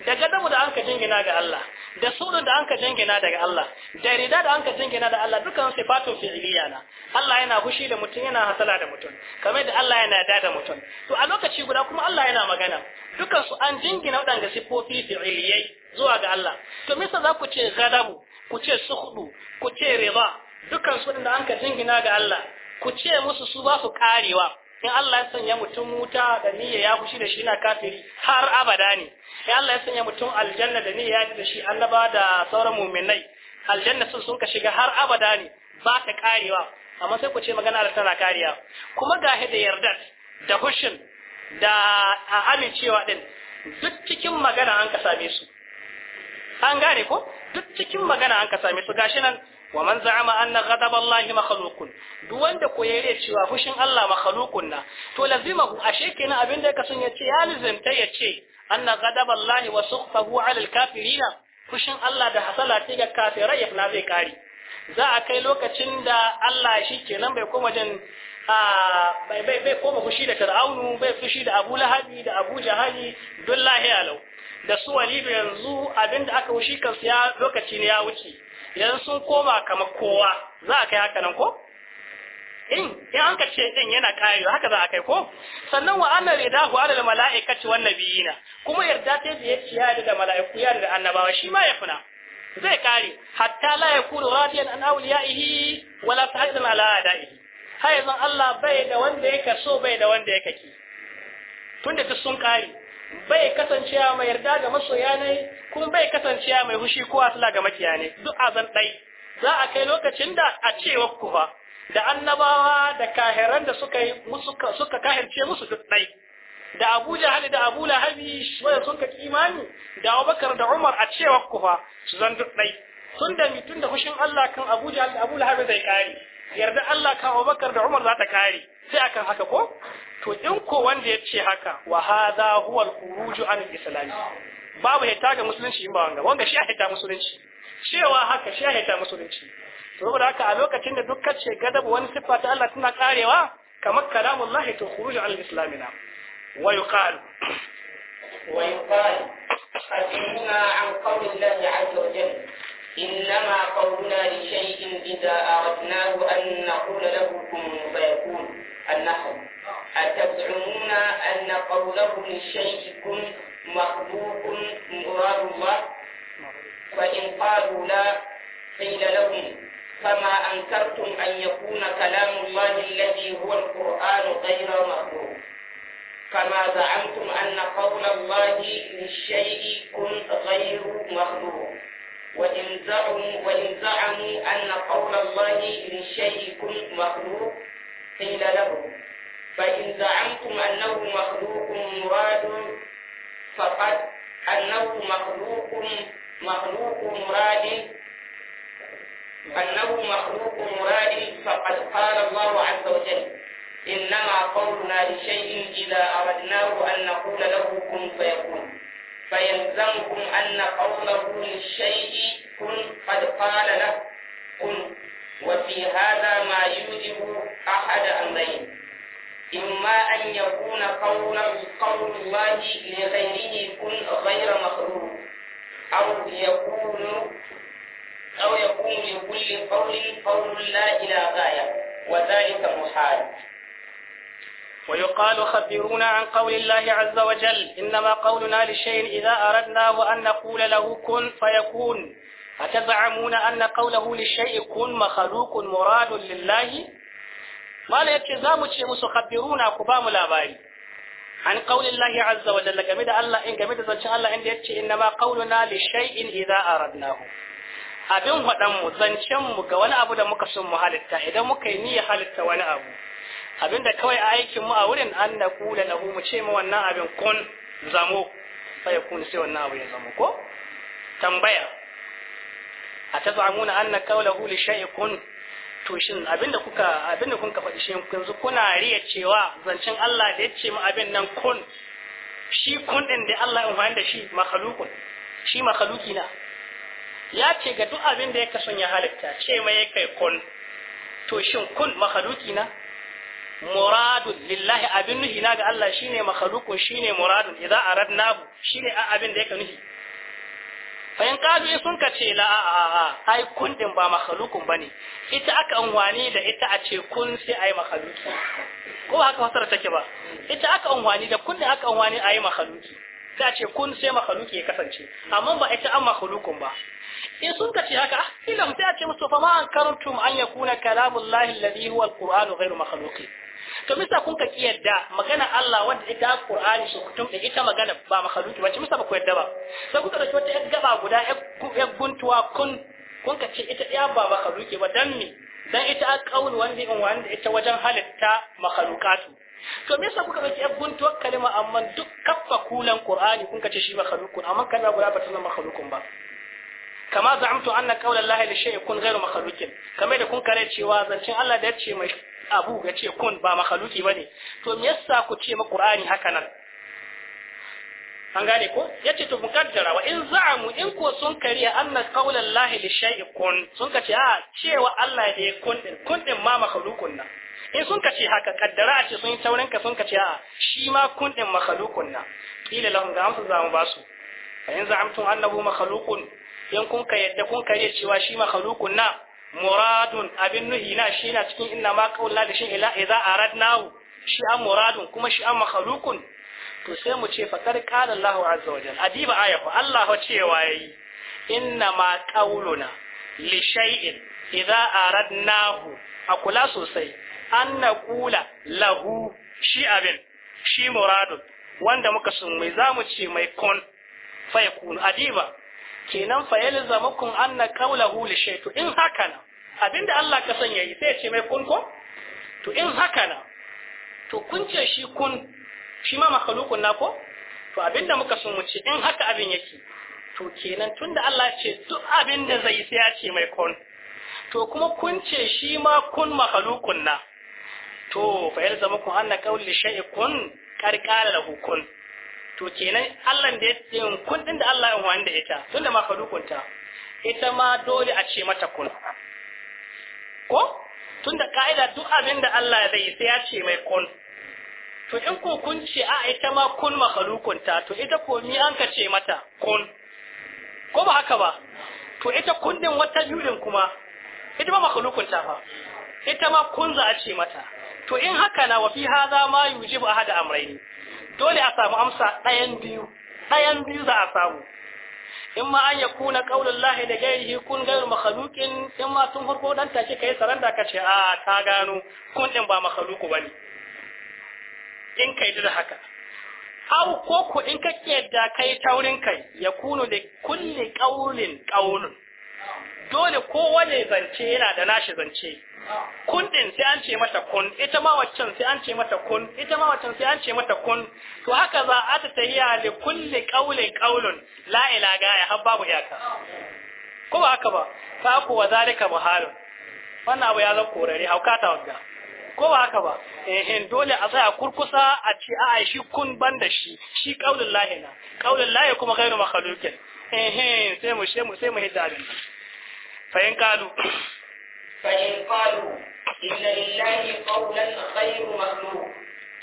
da da anka jingina ga Allah da sunu da anka jingina daga Allah da rida da anka jingina da Allah dukan sifatun fi'iliya na Allah yana hushi da mutum yana hasala da mutum kamar da Allah yana da da mutum to a lokaci guda kuma Allah yana magana dukan su an jingina wadanda sifofi fi'iliyai zuwa ga Allah to za ku ce gadabu ku ce suhudu ku ce riba dukan su da anka jingina ga Allah ku ce musu su ba su karewa in Allah ya sanya mutum wuta da niyya ya fushi da shi na kafiri har abada ne in Allah ya sanya mutum aljanna da niyya ya da shi annaba da sauran mu'minai aljanna sun sun ka shiga har abada ne ba ta karewa amma sai ku ce magana da tana kariya kuma ga da yardar da hushin da amincewa din duk cikin magana an ka same su an gane ko duk cikin magana an ka same su gashi nan wa man za'ama anna ghadab Allah makhluqun duk wanda ko yayi cewa fushin Allah makhluqun na to lazimahu ashe kenan abinda da son yace ya ya ce anna ghadab Allah wa sukhtahu 'ala al-kafirina fushin Allah da hasala ce ga kafirai ya zai kare za a kai lokacin da Allah shi kenan bai koma jin bai bai bai koma fushi da Fir'aunu bai fushi da Abu Lahadi da Abu Jahali Dullahi, lahiya da su Walidu yanzu abinda aka wushi kansu ya lokaci ne ya wuce idan sun koma kamar kowa za a kai haka nan ko in in an ka ce din yana karewa haka za a kai ko sannan wa ya ridahu ala malaikati wan nabiyina kuma yarda ta da ya ciya da malaiku ya da annabawa shi ma ya funa zai kare hatta la yakunu radiyan an awliyaihi wala haɗin ala adaihi har Allah bai da wanda yake so bai da wanda yake ki tunda duk sun kare bai kasancewa mai yarda ga masoya ne kuma bai kasancewa mai hushi ko asala ga makiya ne duk zan dai za a kai lokacin da a cewa kufa da annabawa da kahiran da suka yi suka suka kahirce musu duk dai da Abu Jahal da Abu Lahabi wanda sun ka imani da Abubakar da Umar a cewa kufa su zan duk dai sun da mitun da hushin Allah kan Abu Jahal da Abu Lahabi zai kare yarda Allah kan Abubakar da Umar za ta kare sai akan haka ko to in ko wanda ya ce haka wa hadha huwa al-khuruju an al-islam babu hita ga musulunci in ba wanga wanga shi hita musulunci cewa haka shi hita musulunci to saboda haka a lokacin da dukkan ce gadabu wani siffa ta Allah tana karewa kamar kalamullahi to khuruju an al-islam na wa yuqalu wa yuqalu حدثنا عن قول الله عز وجل إنما قولنا لشيء إذا أردناه أن نقول له كن فيكون النحو أتزعمون أن قوله لشيء كن مخلوق مراد الله فإن قالوا لا قيل لهم فما أنكرتم أن يكون كلام الله الذي هو القرآن غير مخلوق كما زعمتم أن قول الله للشيء كن غير مخلوق وإن زعموا وإن زعموا أن قول الله لشيء مخلوق قيل لهم فإن زعمتم أنه مخلوق مراد فقد أنه مخلوق مخلوق مراد أنه مخلوق مراد فقد قال الله عز وجل إنما قولنا لشيء إذا أردناه أن نقول له كن فيكون فيلزمكم أن قوله للشيء كن قد قال له كن وفي هذا ما يوجب أحد أمرين إما أن يكون قول قول الله لغيره كن غير مخلوق أو يكون أو يكون لكل قول قول لا إلى غاية وذلك محال ويقال خبرونا عن قول الله عز وجل إنما قولنا لشيء إذا أردناه أن نقول له كن فيكون أتزعمون أن قوله للشيء كن مخلوق مراد لله ما لا يتزام شيء مسخبرونا كبام الأباري عن قول الله عز وجل جمد الله إن جمد زنشاء الله إن يتشي إنما قولنا لشيء إذا أردناه abin faɗanmu zancenmu ga wani abu da muka sun mu halitta idan muka yi niyya halitta wani abu abinda kawai a aikinmu a wurin an na kula na mu ce ma wannan abin kun zamo sai kun sai wannan abin ya zamo ko tambaya a ta zamuna an na da huli shai kun to shin abinda kuka abinda kun kafa shi kun zu kuna riya cewa zancen Allah da ya ce mu abin nan kun shi kun din da Allah in da shi makhluqun shi makhluqi na ya ce ga duk abin da ya kasan ya halitta ce mai kai kun to shin kun makhluqi na muradun lillahi abin nuhi na ga Allah shine shi ne muradun idan idza shi ne abin da yake nuhi fa in kazu sun ka ce la a a ai kun ba ne, ita aka anwani da ita a ce kun sai ai makhluqi ko haka fasara take ba ita aka anwani da kun din aka anwani ai makhluqi sai a ce kun sai makhluqi ya kasance amma ba ita an makhluqun ba in sun ka ce haka ilam sai a ce musu fa ma an karantum an yakuna kalamullahi alladhi huwa alquranu ghairu makhluqi to misa kun ka kiyarda magana Allah wanda ita Qur'ani su kutum da ita magana ba makhluki ba ci misa ba ku yarda ba sai kuka dauki wata yar gaba guda yar guntuwa kun kun ka ce ita ya ba makhluki ba dan me dan ita a kaul wanda in wanda ita wajen halitta makhlukatu to me yasa kuka dauki yar guntuwar kalma amma duk kaffa kulan Qur'ani kun ka ce shi makhlukun amma kalma guda ba ta zama makhlukun ba kama za'amtu anna qawla Allah li shay'in kun ghayru makhluqin kamar da kun kare cewa zancin Allah da yace mai abu ga ce kun ba makhluki bane to me yasa ku ce ma qur'ani haka nan an gane ko yace to mukaddara wa in za'amu in ko sun kari anna qawla llahi li shay'in kun sun kace a cewa Allah da ya kun din kun din ma makhlukun na? in sun kace haka kaddara a ce sun yi taurin ka sun kace a shi ma kun din makhlukun na kila lahum ga amsa za mu ba su fa in za'amtum annahu makhlukun in kun ka yadda kun kare cewa shi makhlukun na muradun abin nuhi na shi na cikin inna ma kaula da shi ila idza aradnahu shi an muradun kuma shi an makhluqun to sai mu ce fa kar qala Allahu azza wa jalla adiba aya fa Allah fa cewa yayi inna ma qauluna li shay'in idza aradnahu akula sosai an na kula lahu shi abin shi muradun wanda muka sun mai zamu ce mai kun fa yakunu adiba kenan fa yalzamukum anna qawluhu li shay'in in haka abinda Allah ka sanya yi sai ya ce mai kun ko to in haka na to kun ce shi kun shi ma makhluqun na ko to abinda muka so mu ce in haka abin yake to kenan tunda Allah ce duk abinda zai sai ya ce mai kun to kuma kun ce shi ma kun makhluqun na to fa yalzamukum anna qawli shay'in kun karkara lahu kun to kenan Allah da ya ce kun din da Allah ya wanda ita tunda da ta ita ma dole a ce mata kun ko tunda ka'ida duk abin da Allah zai sai ya ce mai kun to in ko kun ce a ita ma kun makhluqun ta to ita ko mi an ka ce mata kun ko ba haka ba to ita kun din wata jurin kuma ita ma makhluqun ta fa ita ma kun za a ce mata to in haka na wa fi hadha ma yujibu ahada amrayni dole a samu amsa ɗayan biyu ɗayan biyu za a samu imma an yakuna ƙaunar lahi da gairihi kun gairu makhluqin imma tun farko dan take kai saranda kace a ah, ta gano kun din ba makhluqu bane in kai da haka aw ko ku in ka yadda kai taurin kai ya kunu da kulli qaulin qaulun dole kowane zance yana da nashi zance kun din sai an ce mata kun ita ma waccan sai an ce mata kun ita ma waccan sai an ce mata kun to haka za a ta tahiya li kulli qawlin qawlun la ilaha gaya har babu iyaka ko ba haka ba fa ku wa zalika muhalun wannan abu ya zan korare haukata wagga ko ba haka ba eh dole a tsaya kurkusa a ce a shi kun banda shi shi qaulul lahi na qaulul lahi kuma ghairu makhluqin eh sai mu sai mu sai mu hidda abin فإن قالوا فإن قالوا إن لله قولا غير مخلوق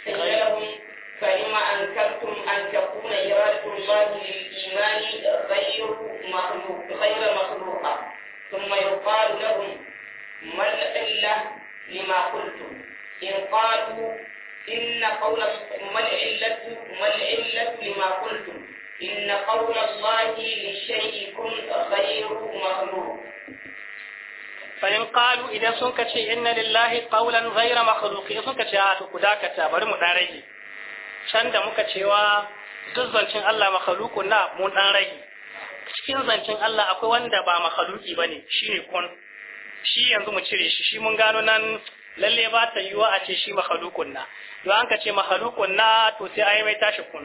سجل لهم فلما أنكرتم أن تكون إرادة الله للإيمان غير مخلوق غير مخلوقة ثم يقال لهم ما العلة لما قلتم إن قالوا إن قول ما العلة ما العلة لما قلتم إن قول الله لشيء غير مخلوق فإن قالوا إذا سنك إن لله قولا غير مخلوق إذا سنك شيء كذاك تابر مدارجي can da muka cewa duk zancen Allah makhaluku na mun dan rage cikin zancen Allah akwai wanda ba makhaluki bane shine kun shi yanzu mu cire shi shi mun gano nan lalle ba ta yiwa a ce shi makhalukun na don an ka ce makhalukun na to sai ai mai tashi kun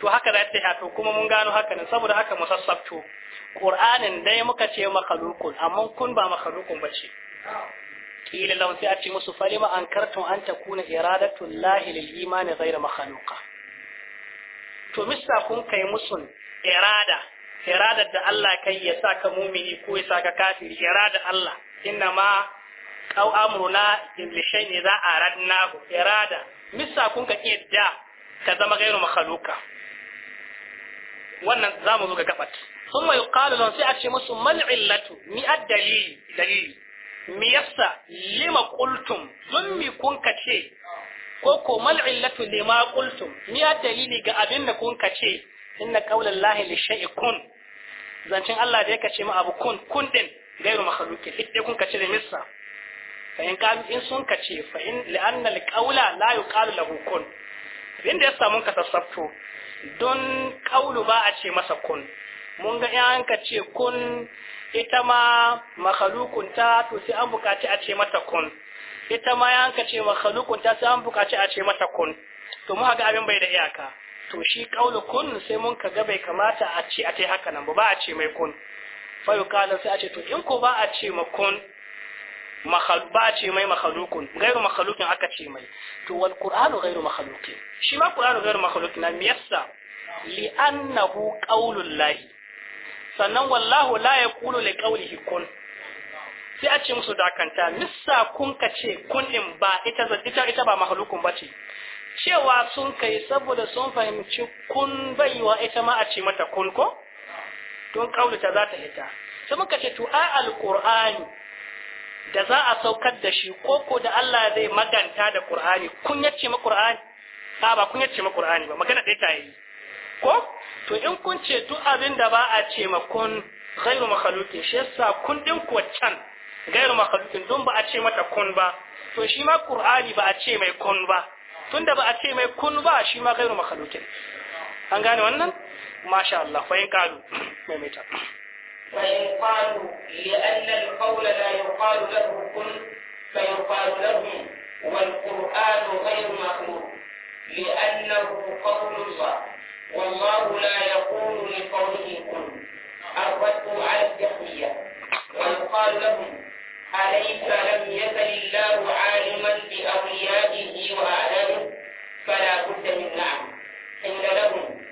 to haka za ta to kuma mun gano haka nan saboda haka mu sassafto qur'anin dai muka ce makhluqun amma kun ba makhluqun ba kila lahum sai a ce musu falima ankartum an takuna iradatu lahi lil imani ghayra makhluqa to mista kun kai musu irada irada da Allah kai ya ka mumini ko ya ka kafiri irada Allah inna ma au amruna za a idza aradnahu irada mista kun ka da. ka zama gairu makhluka wannan zamu zo ga gabat thumma yuqalu lahum sai a ce musu mal illatu mi a dalili dalili mi yasa lima qultum dun mi kun ka ce ko ko mal illatu lima qultum mi a dalili ga abin da kun ka ce inna qawla llahi li shay'in kun zancin Allah da yake ce mu abu kun kun din gairu makhluki idda kun ka ce missa fa in in sun ka ce fa in li anna al qawla la yuqalu lahu kun inda ya samu ka sassafto don kaulu ba a ce masa kun mun ga yan ka ce kun ita ma makhalukun to sai an bukaci a ce mata kun ita ma ya ka ce makhalukun sai an bukaci a ce mata kun to mu ga abin bai da iyaka to shi kaulu kun sai mun ka bai kamata a ce a haka nan ba ba a ce mai kun fa yuqala sai a ce to in ko ba a ce ma kun ba ce mai makhalukun gairu makhalukin aka ce mai to wal qur'anu gairu makhalukin shi ma qur'anu gairu makhalukin na miyassa li annahu qaulul lahi sannan wallahu la yaqulu li qawlihi kun sai a ce musu dakanta missa kun ka ce kun din ba ita ita ita ba makhalukun bace cewa sun kai saboda sun fahimci kun baiwa ita ma a ce mata kun ko don kaulita za ta hita sai muka ce to a alqur'ani da za a saukar da shi ko da Allah zai maganta da Qur'ani kun yace ma Qur'ani ba ba kun yace ma Qur'ani ba magana dai ta yi ko to in kun ce duk abin da ba a ce ma kun ghairu makhluqin shi yasa kun din ku can ghairu makhluqin don ba a ce mata kun ba to shi ma Qur'ani ba a ce mai kun ba tunda ba a ce mai kun ba shi ma ghairu makhluqin an gane wannan masha Allah fa in kalu ta فإن قالوا لأن القول لا يقال له كن فيقال لهم والقرآن غير مخلوق لأنه قول الله والله لا يقول لقوله كن الرد على التحية ويقال لهم أليس لم يزل الله عالما بأوليائه وآدمه فلا بد من نعم قيل لهم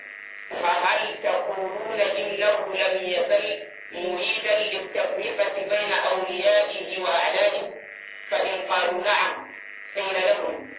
فهل تقولون إنه لم يزل مريدا للتفرقة بين أوليائه وأعدائه فإن قالوا نعم قيل لهم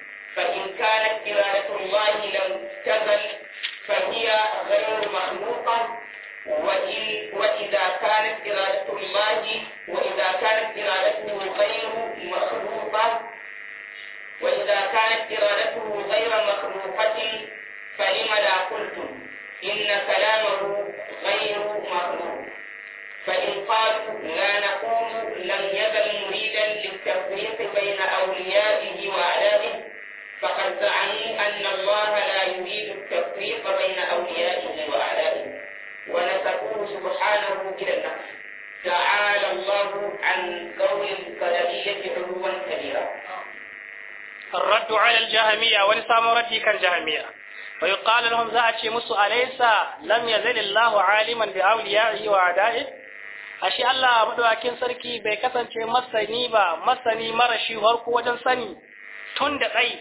jahamiya wani samurati kan jahamiya bai kalin hun za a ce musu alaisa lam ya zai lillahu aliman da auliya yi wa da'i a shi Allah maɗaukin sarki bai kasance masani ba masani marashi harku wajen sani tun da tsaye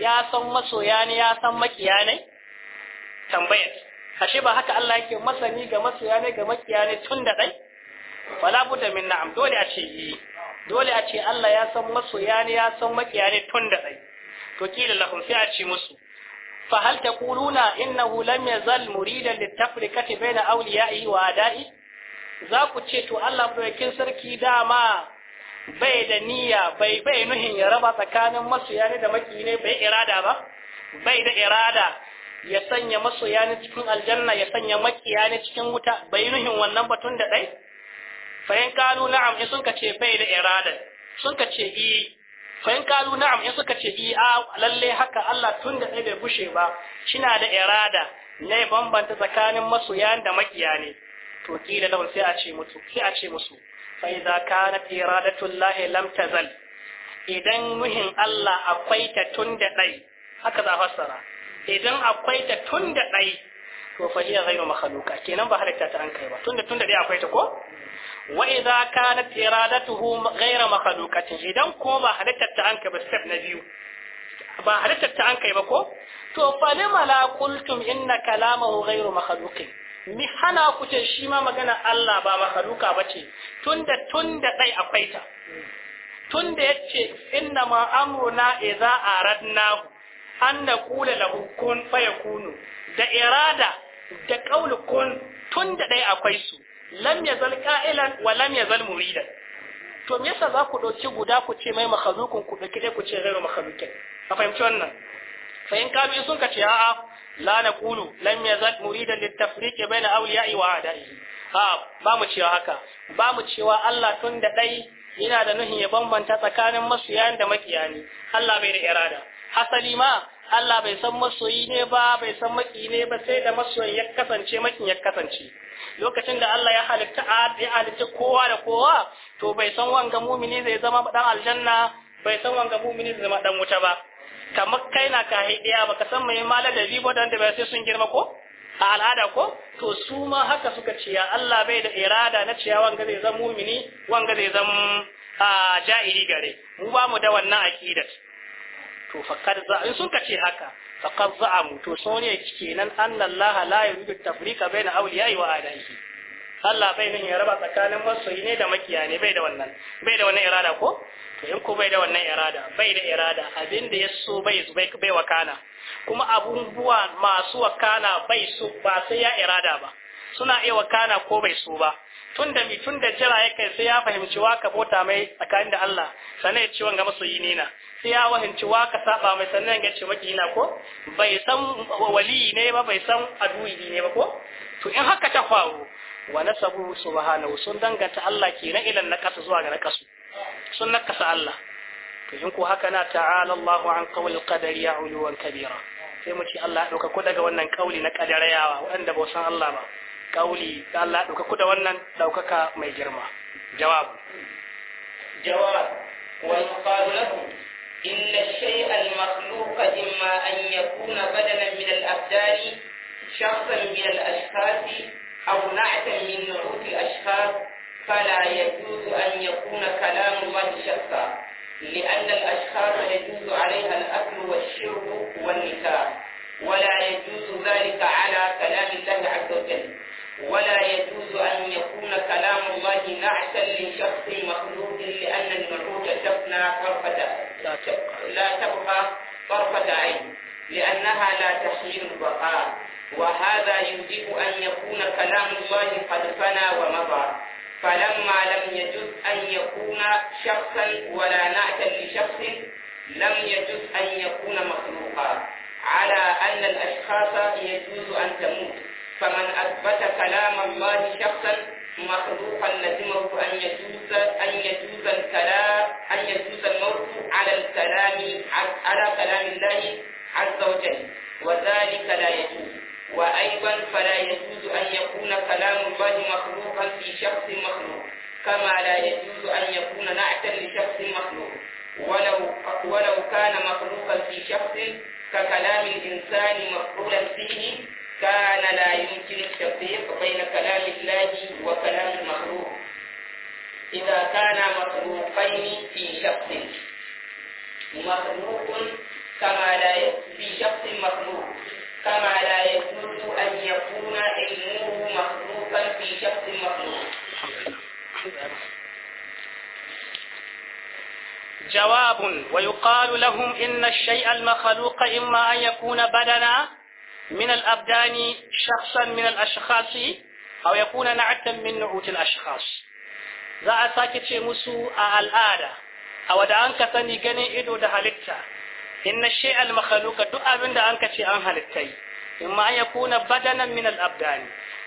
ya san masoya ne ya san makiya ne tambayar a shi ba haka Allah yake masani ga masoya ne ga makiya ne tun da tsaye wala buda min dole a ce yi eh. dole a ce Allah ya san masoya ne ya san makiya ne tun da tsaye to kila lahum sai a ci musu fa hal taquluna innahu lam yazal muridan litafriqati baina awliya'ihi wa ada'i za ku ce to Allah bakin sarki dama bai da niyya bai bai nuhin ya raba tsakanin masoya ne da makine bai irada ba bai da irada ya sanya masoya ne cikin aljanna ya sanya makiya ne cikin wuta bai nuhin wannan batun da dai fa yan kalu na'am sun sun kace bai da irada sun kace eh fa in kalu na'am in suka ce a lalle haka Allah tun da bai bushe ba shina da irada ne bambanta tsakanin masoya da makiya ne to kila lahum sai a ce musu sai a ce musu fa idza kanat iradatu llahi lam tazal idan nuhin Allah akwai ta tun da dai haka za fassara idan akwai ta tun da dai to zai ma ghayru makhluqa kenan ba halitta ta an kai ba tunda tunda dai akwai ta ko wa idza kanat iradatuhu ghayra makhluqatin idan ko ba halitta ta an kai ba step na biyu ba halitta ta an kai ba ko to fa lima la qultum inna kalamahu ghayru makhluqin mi hana ku ce shi ma magana Allah ba makhluqa bace tunda tunda dai akwai ta tunda yace inna ma amruna idza aradna an naqula lahu kun fayakunu da irada da kaulu kun tun da dai akwai su lam zal qa'ilan wa lam zal muridan to me yasa za ku dauki guda ku ce mai makhazukun ku dauki dai ku ce ghairu makhazukin? a fahimci wannan fa in kabi sun ka ce a'a la kulu, lam yazal muridan litafriqi baina awliya'i wa a'da'i a ba mu cewa haka ba mu cewa Allah tun da dai yana da nuhin ya bambanta tsakanin masu masoyan da makiyani Allah bai da irada hasali ma Allah bai san masoyi ne ba bai san maki ne ba sai da masoyi ya kasance makin ya kasance lokacin da Allah ya halitta ya halitta kowa da kowa to bai san wanga mumini zai zama dan aljanna bai san wanga mumini zai zama dan wuta ba kamar kai na ka haidiya baka san mai mala da ribo da sai sun girma ko a al'ada ko to su ma haka suka ce ya Allah bai da irada na ciya wanga zai zama mumini wanga zai zama a ah, ja'iri gare mu ba mu da wannan akidar to fakar za'a sun kace haka fakar za'a mu to so ne kenan annallaha la yuridu tafrika baina awliyai wa adaihi Allah bai nan ya raba tsakanin masoyi ne da makiyane bai da wannan bai da wannan irada ko to in ko bai da wannan irada bai da irada abinda ya so bai bai bai wakana kuma abubuwa masu wakana bai so ba sai ya irada ba suna iya wakana ko bai so ba tun da mitun da jira ya kai sai ya fahimci waka bota mai tsakanin da Allah sanai ciwon ga masoyi ne na sai ya wahinci wa ka saba mai sannan ya ce yana ko bai san wali ne ba bai san aduwi ne ba ko to in haka ta faru wa nasabu subhanahu sun danganta Allah kenan ilan naqasu zuwa ga kasu sun naqasa Allah to in ko haka na ta'ala Allah an qawlil qadari ya uluwan kabira sai mu ce Allah ya dauka ku daga wannan kauli na kadarayawa wanda ba san Allah ba kauli Allah ya dauka ku da wannan daukaka mai girma jawab jawab إن الشيء المخلوق إما أن يكون بدلا من الأبدان شخصا من الأشخاص أو نعتا من نعوت الأشخاص فلا يجوز أن يكون كلام الله شخصا لأن الأشخاص يجوز عليها الأكل والشرب والنكاح ولا يجوز ذلك على كلام الله عز وجل ولا يجوز أن يكون كلام الله نعتا لشخص مخلوق لأن النعوت تفنى طرفة لا تبقى طرفة عين لأنها لا تحمل البقاء وهذا يجب أن يكون كلام الله قد فنى ومضى فلما لم يجوز أن يكون شخصا ولا نعتا لشخص لم يجوز أن يكون مخلوقا على أن الأشخاص يجوز أن تموت فمن أثبت كلام الله شخصا مخلوقا لزمه أن يجوز أن يجوز الكلام أن يجوز الموت على الكلام على كلام الله عز وجل وذلك لا يجوز وأيضا فلا يجوز أن يكون كلام الله مخلوقا في شخص مخلوق كما لا يجوز أن يكون نعتا لشخص مخلوق ولو ولو كان مخلوقا في شخص ككلام الإنسان مفعولا فيه كان لا يمكن التفريق بين كلام الله وكلام المخلوق إذا كانا مخلوقين في شخص مخلوق كما لا في شخص مخلوق كما لا يجوز أن يكون علمه مخلوقا في شخص مخلوق جواب ويقال لهم إن الشيء المخلوق إما أن يكون بدنا من الأبدان شخصا من الأشخاص أو يكون نعتا من نعوت الأشخاص ذا أساكي تشمسو الآلة أو دا أنك تني جني إدو دا هلتا إن الشيء المخلوق دو أبن دا أنك ان هلتاي إما يكون بدنا من الأبدان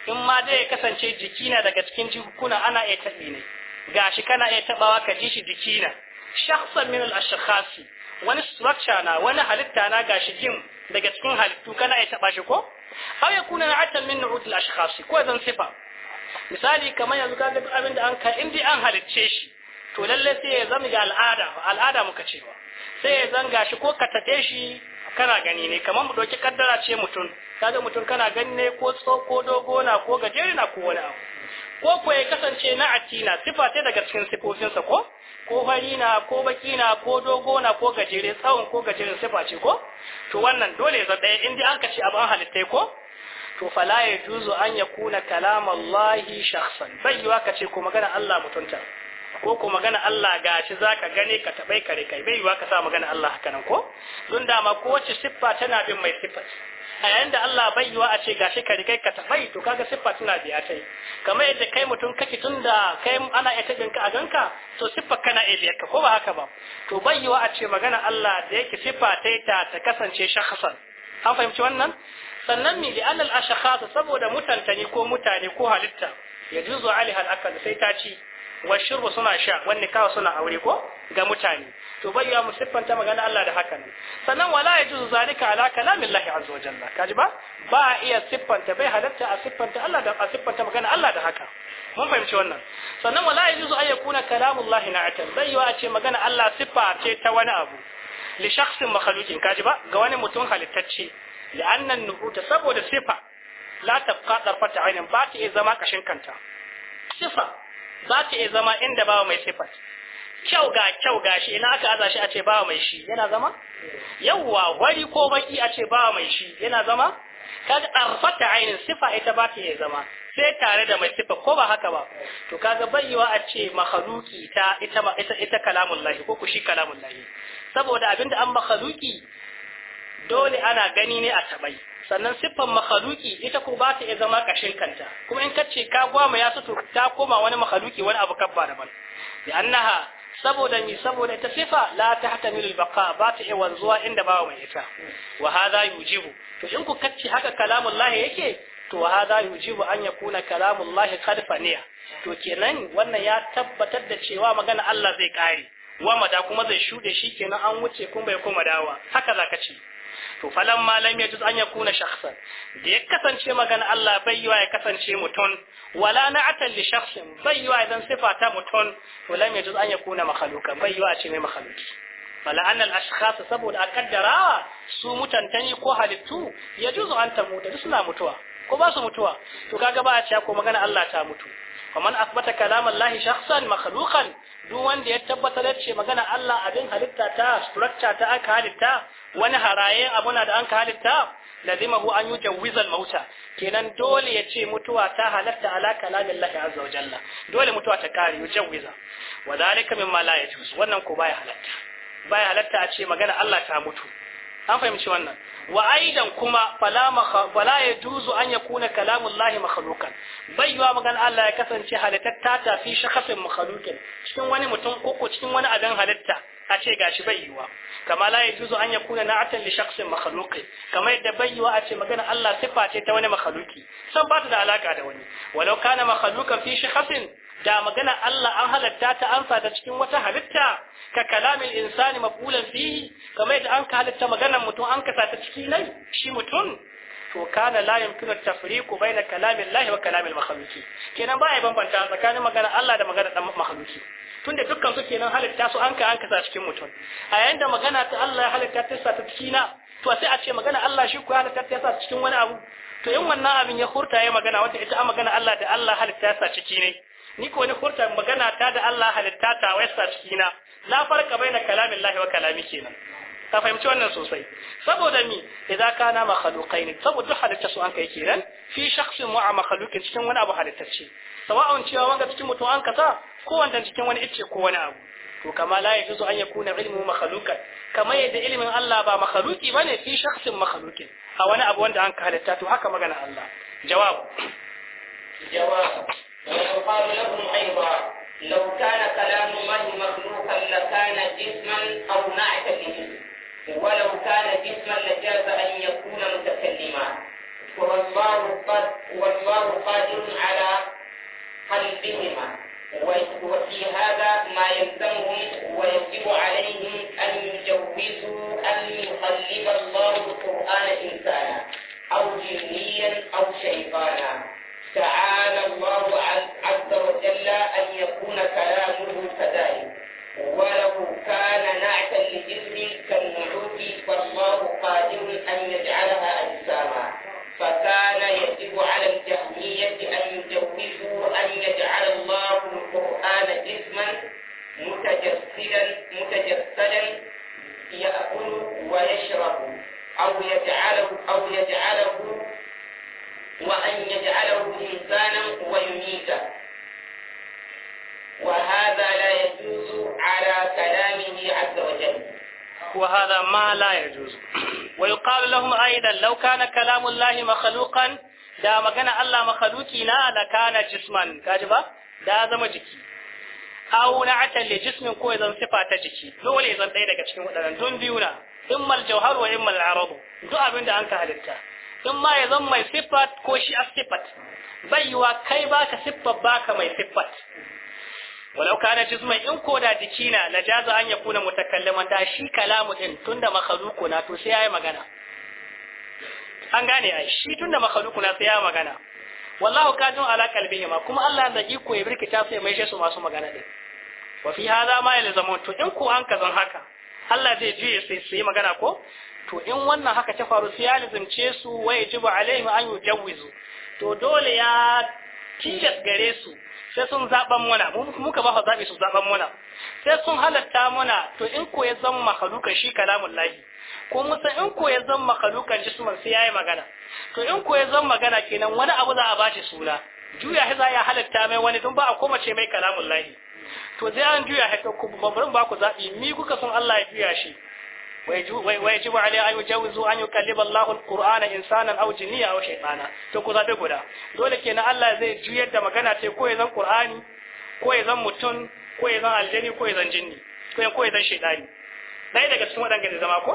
إما دا يكسن شيء جكينا دا كتكين جيكونا أنا إتأيني gashi kana iya tabawa ka ji shi شخصا من min al-ashkhasi wani structure na wani daga cikin halittu kana ya taba shi ko aw yakuna na'atan min nu'ut al-ashkhas ko zan sifa misali kamar yanzu kaga duk abin da an ka indi an halicce shi to lalle sai ya zama ga al'ada al'ada muka cewa sai ya zanga shi ko katate shi kana gani ne kamar mu dauki kaddara ce mutum kaga mutum kana gani ne ko tso ko dogona ko gajere na ko wani abu ko ko ya kasance na atina sifa ce daga cikin sifofinsa ko ko fari na ko baki na ko dogo na ko gajere tsawon ko gajeren sifa ce ko to wannan dole za ɗaya in dai an kace abin halittai ko to fala ya juzu an ya kuna kalamallahi shakhsan bai yiwa ka ce ko magana Allah mutunta ko ko magana Allah gashi zaka gane ka tabai kare kai bai yiwa ka sa magana Allah haka nan ko don dama kowace siffa tana bin mai siffar a yayin da Allah bai yiwa a ce gashi ka rikai ka tafai to kaga siffa tana biya tai kamar yadda kai mutum kake da kai ana iya tabin ka a ganka to siffa kana iya biyar ka ko ba haka ba to bai yiwa a ce magana Allah da yake siffa tai ta ta kasance shakhsan an fahimci wannan sannan mi li anal ashkhas saboda mutantani ko mutane ko halitta yajuzu alaiha al-akal sai ta ci wa shurbu suna sha wani kawo suna aure ko ga mutane to bai ya musiffanta magana Allah da haka ne sannan wala ya juzu zalika ala kalamin lahi azza wa jalla kaji ba ba iya siffanta bai halatta a siffanta Allah da a siffanta magana Allah da haka mun fahimci wannan sannan wala ya juzu ayyakuna kalamun lahi na'atan bai yiwa a ce magana Allah siffa ce ta wani abu li shakhsin makhluqin kaji ba ga wani mutum halittacce li'anna an-nubuta saboda siffa la tabqa darfata ainin ba ta iya zama kashin kanta siffa za ta iya zama inda bawa mai sifat kyau ga kyau ga shi ina aka aza shi a ce bawa mai shi yana zama yawwa wari ko baki a ce bawa mai shi yana zama ka ga arfata ainin sifa ita ba ta iya zama sai tare da mai sifa ko ba haka ba to kaga bayyawa a ce makhluki ta ita ita, ita kalamun lahi ko ku shi kalamun lahi saboda abinda an makhluki dole ana gani ne a tabai sannan siffan makhaluki ita ko ba ta iya zama kashin kanta kuma in kace ka gwama ya suto ta koma wani makhaluki wani abu kabba daban bi annaha saboda mi saboda ita sifa la tahtamil al baqa ba ta iya wanzuwa inda ba mai ita wa hadha yujibu to in ku kace haka kalamullahi yake to wa hadha yujibu an yakuna kalamullahi qad faniya to kenan wannan ya tabbatar da cewa magana Allah zai kare wa mada kuma zai shude shi kenan an wuce kun bai kuma dawa haka zaka ce to falan ma lam yajuz an kuna shakhsan da ya kasance magana Allah bai yiwa ya kasance mutum wala na'atan li shakhsin bai yiwa idan sifa ta mutum to lam yajuz an kuna makhluqan bai yiwa a ce mai makhluqi fala anna al ashkhas saboda akaddarawa su mutantani ko halittu yajuzu an duk suna mutuwa ko ba su mutuwa to kaga ba a ce ko magana Allah ta mutu Kamar asbata kalam Allah shakhsan makhluqan duk wanda ya tabbatar da ce magana Allah abin halitta ta structure ta aka halitta wani haraye abu na da an ka halitta hu an yuta wizal mauta kenan dole ya ce mutuwa ta halatta ala kalamin Allah azza wa jalla dole mutuwa ta kare yujawwiza wa wadalika mimma la yajuz wannan ko baya halatta baya halatta a ce magana Allah ta mutu an fahimci wannan wa aidan kuma fala ya juzu an yakuna kalamullahi makhluqan bai yiwa magana Allah ya kasance halittatta ta fi shakhasin makhluqin cikin wani mutum koko cikin wani abin halitta a ce gashi bai yiwa kama la ya juzu an yakuna na'atan li shakhsin makhluqin yadda bai yiwa a ce magana Allah sifa ce ta wani makhluqi san ba ta da alaka da wani walau kana makhluqan fi shakhasin da magana Allah an halatta ta an ta cikin wata halitta ka kalamin insani maqulan fihi kamar yadda an ka halitta maganar mutum an kasa ta ciki nai shi mutum to kana la yumkinu tafriqu baina kalamin Allah wa kalami al-makhluqi kenan ba ya bambanta tsakanin magana Allah da magana dan makhluqi tunda dukkan su kenan halitta su an ka an kasa cikin mutum a yayin da magana ta Allah ya halitta ta sa ta cikin na to sai a ce magana Allah shi ko halitta ta sa cikin wani abu to in wannan abin ya hurta ya magana wanda ita an magana Allah da Allah halitta ya sa ciki ne ni ko ni furta magana ta da Allah halitta ta wasa cikina na farka baina kalamin lahi wa kalami kenan ka fahimci wannan sosai saboda mi idza kana makhluqain saboda duk halitta su an kai kenan fi shakhsin ma'a makhluqin cikin wani abu halittacce sawa'un cewa wanga cikin mutum an kasa ko wanda cikin wani icce ko wani abu to kama la yajuzu an yakuna ilmu makhluqan kama yadda ilmin Allah ba makhluqi bane fi shakhsin makhluqin a wani abu wanda an ka halitta to haka magana Allah jawab jawab ويقال لهم أيضا لو كان كلام الله مخلوقا لكان جسما أو نعتقد ولو كان جسما لجاز أن يكون متكلما والله قد والله قادر على قلبهما وفي هذا ما يلزمهم ويجب عليهم أن يجوزوا أن يقلب الله القرآن إنسانا أو جنيا أو شيطانا تعالى الله عز وجل أن يكون كلامه كذلك ولو كان نعتا لجسم كالنعوت فالله قادر أن يجعلها أجساما فكان يجب على الجهمية أن يجوزوا أن يجعل الله القرآن جسما متجسدا متجسدا يأكل ويشرب أو يجعله أو يجعله وهذا ما لا يجوز ويقال لهم أيضا لو كان كلام الله مخلوقا دا مغنى الله مخلوقنا لكان جسما كاجبا دا زما جكي أو نعتا لجسم كو إذا صفة تجكي إذا daga cikin wadannan don biyu na imma al-jawhar wa imma al-arad duk abin da anka halitta imma ya zama mai sifat ko shi as-sifat kai baka sifat baka mai siffa. walau kana jisman in ko da jiki na la jaza an yakuna mutakallaman da shi kalamu din tunda makhluqu na to sai yayi magana an gane ai shi tunda makhluqu na sai yayi magana wallahu kadun ala ma kuma Allah da iko ya birkita sai mai su masu magana din wa fi hadha ma yalzamun to in ko an kazan haka Allah zai ji sai su yi magana ko to in wannan haka ta faru sai ya lazimce su wa yajibu alaihim an yujawwizu to dole ya tilas gare su sai sun zaban muna muka ba zaɓe su zaban muna sai sun halatta muna to in ko ya zan shi kalamun lahi ko musa in ko ya zama shi jisman sai yi magana to in ko ya zan magana kenan wani abu za a ba shi suna juya haza ya halatta mai wani tun ba a koma ce mai kalamun lahi to sai an juya haka ku babban ba ku zabi ni kuka sun Allah ya juya shi ويجب عليه أن يجوز أن يكلم الله القرآن إنسانا أو جنيا أو شيطانا تقول ذا بقدا دولة كنا الله زي جيد مكانا تقول إذا القرآن ko ya zan mutum ko ya zan aljani ko ya zan jinni ko ya zan shaidani ɗaya daga cikin waɗanda da zama ko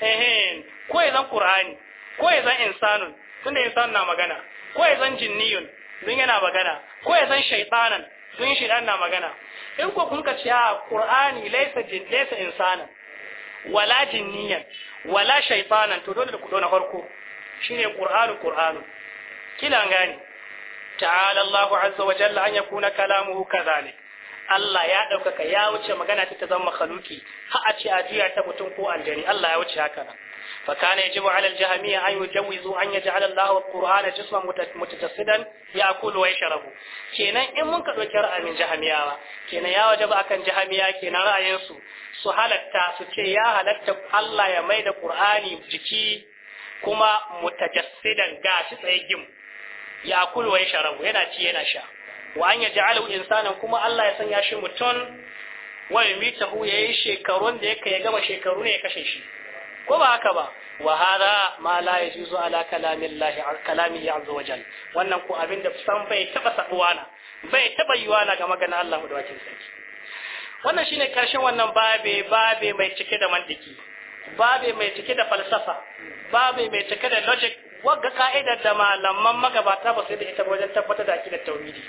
ehem ko ya zan qur'ani ko ya zan insanun tunda insanun na magana ko ya zan jinniyun dun yana magana ko ya zan shaidanan dun shaidan na magana in ko kun ka ce qur'ani insanan wala jinniyan wala shaytanan to dole da ku dona farko shine qur'anu qur'anu kila gani ta'ala Allahu azza wa jalla an yakuna kalamuhu kadhalik Allah ya ɗaukaka ya wuce magana ta zama makhluki ha a ce ajiya ta mutum ko aljani Allah ya wuce haka nan فكان يجب على الجهمية أن يجوزوا أن يجعل الله القرآن جسما Kenan in ويشرب كينا إن منك ba. Kenan ya كينا يا وجب أكن جهمية كينا رأينسو su halatta su ce ya halatta Allah ya mai da Ƙur'ani jiki kuma mutajassidan gashi tsaye gim ya kulu wa sharabu yana ci yana sha wa an ya ja'alu insanan kuma Allah ya sanya shi mutum wa yumitahu yayi shekarun da yake ya gama shekaru ne ya kashe shi ko ba haka ba wa hada ma la yajuzu ala kalamillahi ya azza wajal wannan ko abin da san bai taba sabuwa na bai taba yiwa na ga magana Allah madawakin sarki wannan shine karshen wannan babe babe mai cike da mantiki babe mai cike da falsafa babe mai cike da logic wagga ka'idar da malaman magabata ba sai da ita wajen tabbatar da akidar tauhidi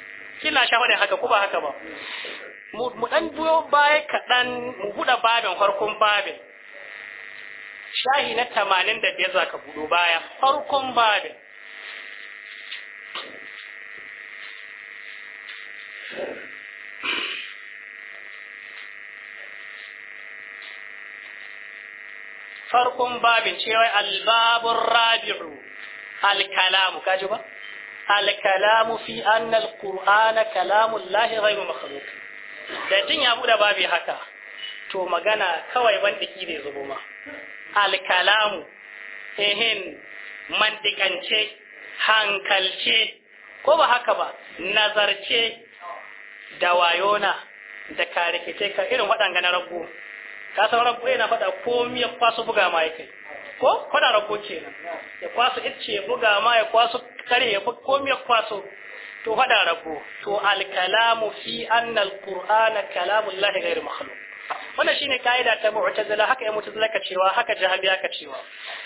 kina sha wani haka ko ba haka ba mu dan biyo baya kaɗan mu buɗe babin farkon babin shahi na tamanin da biyar za ka buɗo baya farkon babin farkon babin cewa albabun rabi'u alkalamu kaji ba alkalamu fi annal qur'ana kalamun lahi ghairu makhluq da tun ya buɗe babi haka to magana kawai ban diki ne zubo ma alkalamu ehin mantikance hankalce ko ba haka ba nazarce da wayona da karikice ka irin waɗanga na rago ka san rago yana faɗa komi ya kwaso buga ma ya kai ko kwada rago na, ya kwaso icce ya buga ma ya kwaso kare ya komi ya kwaso to faɗa rago to alkalamu fi annal qur'ana kalamullahi ghairu makhluq wannan shine kaida ta mu'tazila haka ya mu'tazila ka cewa haka jahabiya ka cewa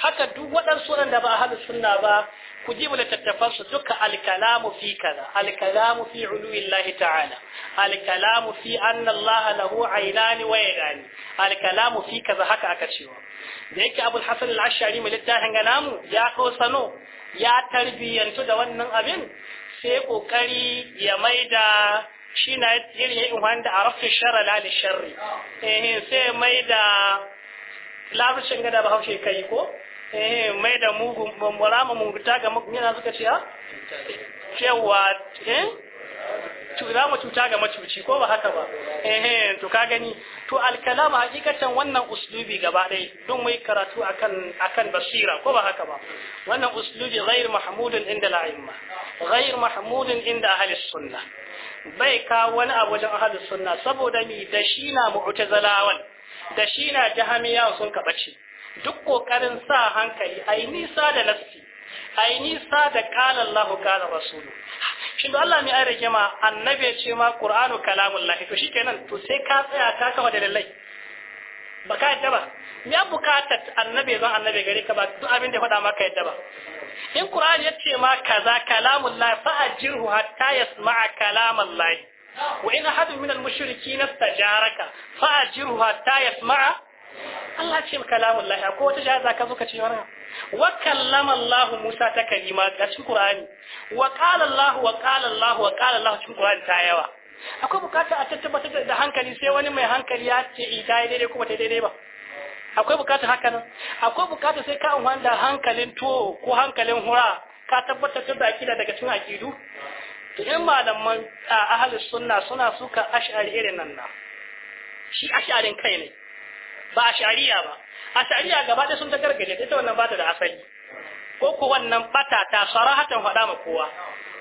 haka duk waɗansu wanda ba ahlus sunna ba ku ji mu littattafan su duka al-kalamu fi kaza al-kalamu fi uluwillahi ta'ala al-kalamu fi anna Allah lahu aynani wa yadani al-kalamu fi kaza haka aka cewa da yake Abu al-Hasan al-Ash'ari mu littafin ganamu ya kosano ya tarbiyantu da wannan abin sai kokari ya maida shi na irin yi wanda a rafi shara lali shari, eh sai mai da lafishin gada ba haushe kai ko eh mai da mugun bambara ma munguta ga mugun yana suka ce cewa ah, eh za mu cuta ga macuci ko ba haka ba eh to ka gani to alkalamu hakikatan wannan uslubi gaba dai don mai karatu akan akan basira ko ba haka ba wannan uslubi ghair mahmudun inda la'imma ghair mahmudun inda ahli sunna bai ka wani abu wajen ahli sunna saboda mi da shi na mu'tazilawan da shi na jahamiya sun kabace duk kokarin sa hankali ai nisa da nafsi ai nisa da qala Allahu qala rasulu shin da Allah mai aire ke ma annabi ce ma ƙur'anu Qur'anu kalamullahi to shi kenan to sai ka tsaya ka kama da lallai ba ka yadda ba me ya bukatar annabi zan annabi gare ka ba duk abin da faɗa ka yadda ba in Qur'an ya ce ma kaza kalamullahi fa ajirhu hatta yasma'a kalamallahi wa in ahadun min al-mushrikeen istajaraka fa ajirhu hatta yasma'a Allah ce kalamullahi akwai wata jaza ka zo ka ce wannan wa kallama Allah Musa ta kalima a cikin Qur'ani wa qala Allah wa qala Allah wa qala Allah cikin Qur'ani ta yawa akwai bukata a tabbatar da hankali sai wani mai hankali ya ce ita eh, daidai kuma ta daidai ba akwai bukatar haka nan akwai bukatar sai ka amfani hankalin tuwo ko hankalin hura ka tabbatar da akida daga cikin akidu to in malaman ahli sunna suna suka ash'ari irin nan na shi ash'arin kai ne ba a shari'a ba a shari'a gaba ɗaya sun ta gargaje ita wannan ba da asali ko ko wannan bata ta sarahatan faɗa ma kowa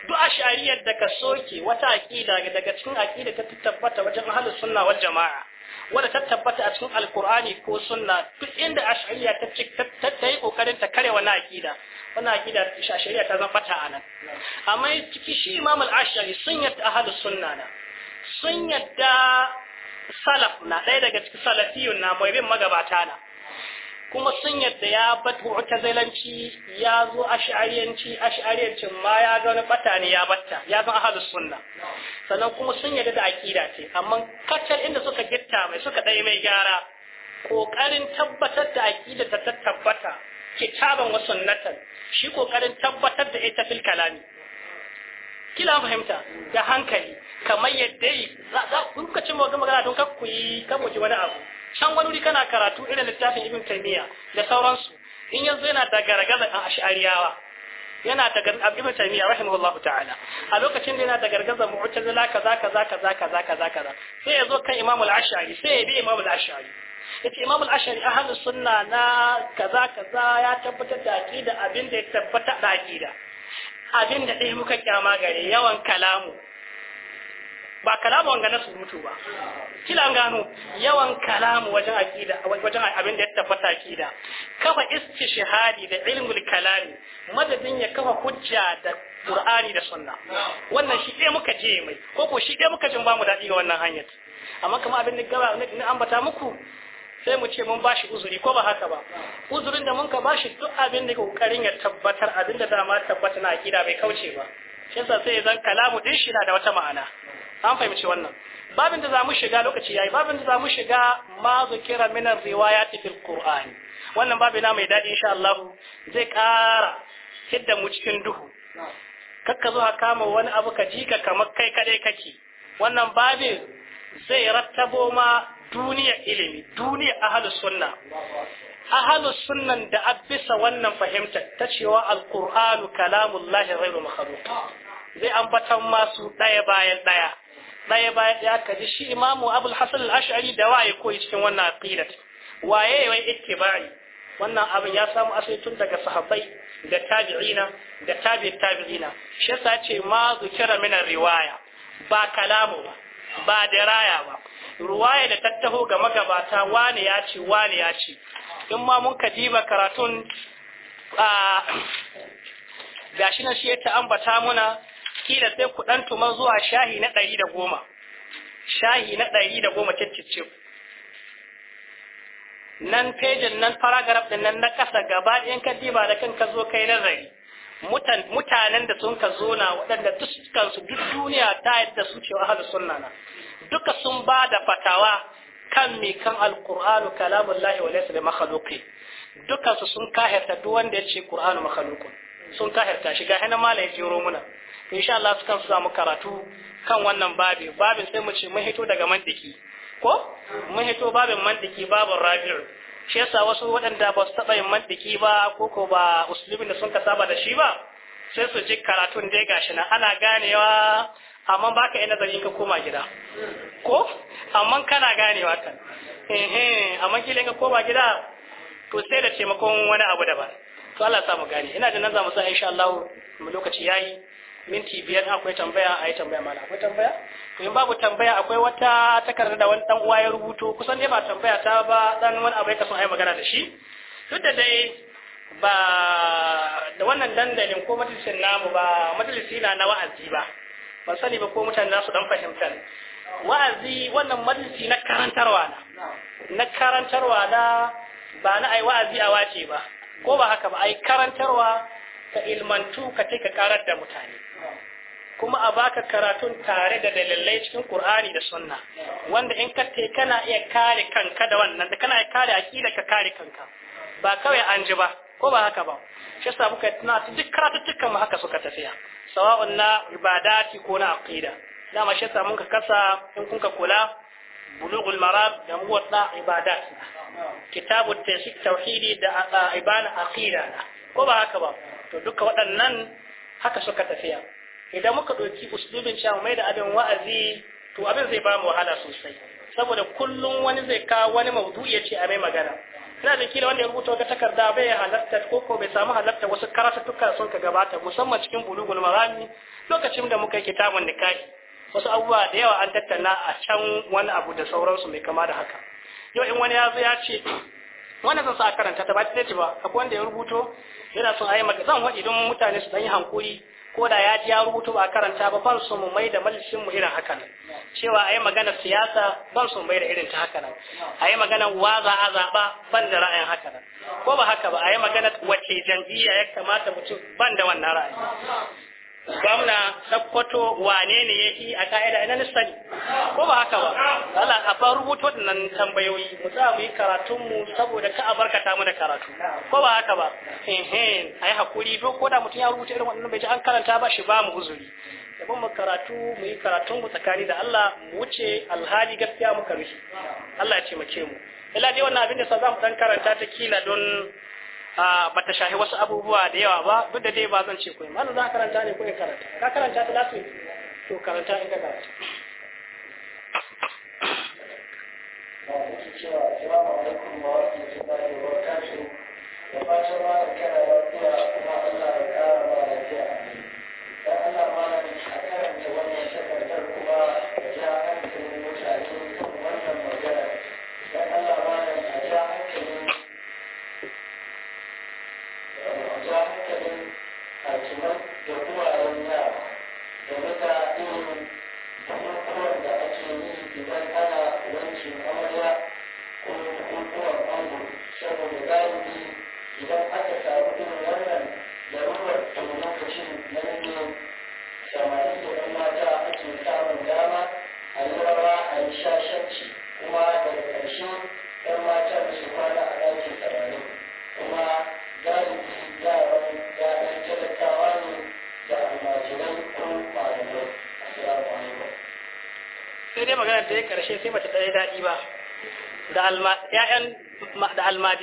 duk a shari'ar da ka soke wata aƙida daga cikin aƙida ta tabbata wajen ahlus sunna wal jama'a wanda ta tabbata a cikin alkur'ani ko sunna duk inda ashariya ta ci ta yi kokarin ta kare wani aqida wani aqida shari'a ta zama fata anan amma ciki shi imam al sun yadda ahlus sunna na sun yadda salaf na ɗaya daga cikin salafiyun na mai bin magabata na kuma sun yadda ya wata mu'tazilanci ya zo ash'ariyanci ash'ariyancin ma ya ga wani bata ne ya batta ya zan ahlus sunna sannan kuma sun yadda da aqida ce amma kacal inda suka gitta mai suka dai mai gyara kokarin tabbatar da aqida ta tabbata kitaban wasu shi kokarin tabbatar da ita fil kalami kila fahimta da hankali kamar yadda za ku kuka cin magana don kar ku yi kar ji wani abu can wani wuri kana karatu irin littafin ibn taymiya da sauransu in yanzu yana da gargaza a ash'ariyawa yana da ibn taymiya rahimahullahu ta'ala a lokacin da yana da gargaza mu'tazila kaza kaza kaza kaza kaza kaza sai ya zo kan imamul ash'ari sai ya bi imamul ash'ari yace imamul ash'ari ahlus sunna na kaza kaza ya tabbatar da aqida abin da ya tabbata da aqida abin da ɗaya muka kyama gare yawan kalamu ba kalamu wanga na surutu ba kila gano yawan kalamu wajen akida wajen abin da ya tabbata akida kafa istishhadi da ilmul kalami madadin ya kafa hujja da qur'ani da sunna wannan shi ɗaya muka je mai ko ko shi ɗaya muka jin ba mu daɗi ga wannan hanyar amma kuma abin da gaba na ambata muku sai mu ce mun ba shi uzuri ko ba haka ba uzurin da mun ka shi duk abin da kokarin ya tabbatar abin da dama tabbata na akida bai kauce ba shi yasa sai zan kalamu din shi na da wata ma'ana an fahimci wannan babin da zamu shiga lokaci yayi babin da zamu shiga ma zikira min riwayati fil qur'an wannan babi na mai dadi insha Allah zai kara hidda mu cikin duhu kakka zo ka kama wani abu ka ji ka kamar kai kadai kake wannan babin zai rattabo ma duniya ilimi duniya ahalus sunna ahalus sunnan da abisa wannan fahimta ta cewa alqur'anu kalamullahi ghairu makhluq zai ambatan masu daya bayan daya daya bayan daya ji, shi imamu abul hasan al-ash'ari da waye koyi cikin wannan aqidat waye wai ittiba'i wannan abin ya samu asali tun daga sahabbai da tabi'ina da tabi'in tabi'ina shi yasa ce ma zukira min riwaya ba kalamu ba ba diraya ba ruwaya da tattaho ga magabata wane ya ce wane ya ce in ma mun kadiba karatun a gashi na shi ya ta'ambata muna kila sai ku dan tuma zuwa shahi na ɗari da goma shahi na ɗari da goma cicicin nan fejin nan paragraf din nan na ƙasa gaba ɗayan kadiba da kanka zo kai nazari mutanen da sun ka zo na waɗanda dukkan su duk duniya ta yadda su cewa hada sunna na duka sun ba da fatawa kan mi kan kalamun lahi wa su makhluqi makhaluki dukansu sun kahirta duk wanda ya ce qur'anu makhaluku sun kahirta shi ga hannun mala ya jero muna insha Allah su kan samu karatu kan wannan babi babin sai mu ce mun hito daga mantiki ko mun hito babin mantiki babin rabi'u shi yasa wasu waɗanda ba su taɓa yin mantiki ba ko ko ba usulubin da sun ka saba da shi ba sai su ji karatun dai gashi na ana ganewa amma ba ka yi nazari ka koma gida ko amma kana gane kan ehe amma kila ka koma gida to sai da taimakon wani abu daban to Allah samu gane ina da nan za mu sa insha Allah mu lokaci yayi minti biyar akwai tambaya a yi tambaya mana akwai tambaya to in babu tambaya akwai wata takarda da wani dan uwa ya rubuto kusan dai ba tambaya ta ba dan wani abu ya kasan ai magana da shi duk da dai ba da wannan dandalin ko majalisin namu ba majalisi na na wa'azi ba ban sani ba ko mutane nasu dan fahimta wa'azi wannan majalisi na karantarwa na na karantarwa na ba na ai wa'azi a wace ba ko ba haka ba ai karantarwa ka ilmantu ka ka karar da mutane kuma a baka karatun tare da dalilai cikin Qur'ani da Sunna wanda in ka te kana iya kare kanka da wannan da kana iya kare akida ka kare kanka ba kawai an ji ba ko ba haka ba shi yasa muka tuna duk karatuttukan mu haka suka tafiya sawa'un na ibadati ko na aqida dama shi mun ka kasa in kun ka kula bulughul marab da muwatta ibadat kitabut tashik tauhidi da ibana aqida ko ba haka ba to duka waɗannan haka suka tafiya idan muka ɗauki uslubin cewa mai da abin wa'azi to abin zai ba mu wahala sosai saboda kullum wani zai kawo wani maudu'i ya ce a mai magana ina da kila wanda ya rubuta wata takarda bai halarta ko ko bai samu halarta wasu karatuttuka sun ka gabata musamman cikin bulugul marami lokacin da muka yi kitabun nikahi wasu abubuwa da yawa an tattauna a can wani abu da sauransu mai kama da haka yau in wani ya zo ya ce wannan zan sa karanta ta ba ta ce ba akwai wanda ya rubuto yana son ayi maka zan waɗi don mutane su dan yi hankuri ko da ya ji ya rubutu ba karanta ba ban so mu mai da mulkin mu irin hakan cewa ayi magana siyasa ban so mai da irin ta hakan ayi magana waza a zaba ban da ra'ayin hakan ko ba haka ba ayi magana wace jam'iyya ya kamata mutum ban da wannan ra'ayi gwamna sakkwato wane ne ya fi a ka'ida ina nisani ko ba haka ba Allah a fa rubuto nan tambayoyi mu za mu yi karatunmu saboda ka a barkata mu da karatu ko ba haka ba ehem ayi hakuri to ko da mutum ya rubuta irin waɗannan bai an karanta ba shi ba mu huzuri yabon mu karatu mu yi karatun mu tsakani da Allah mu wuce alhali gaskiya mu karushi Allah ya ce mu ce mu illa dai wannan abin da sa za mu dan karanta ta kila don ba ta shahi wasu abubuwa da yawa ba duk da dai ba zan ce ku malam za ka karanta ne ko karanta ka karanta ta last to karanta in ka karanta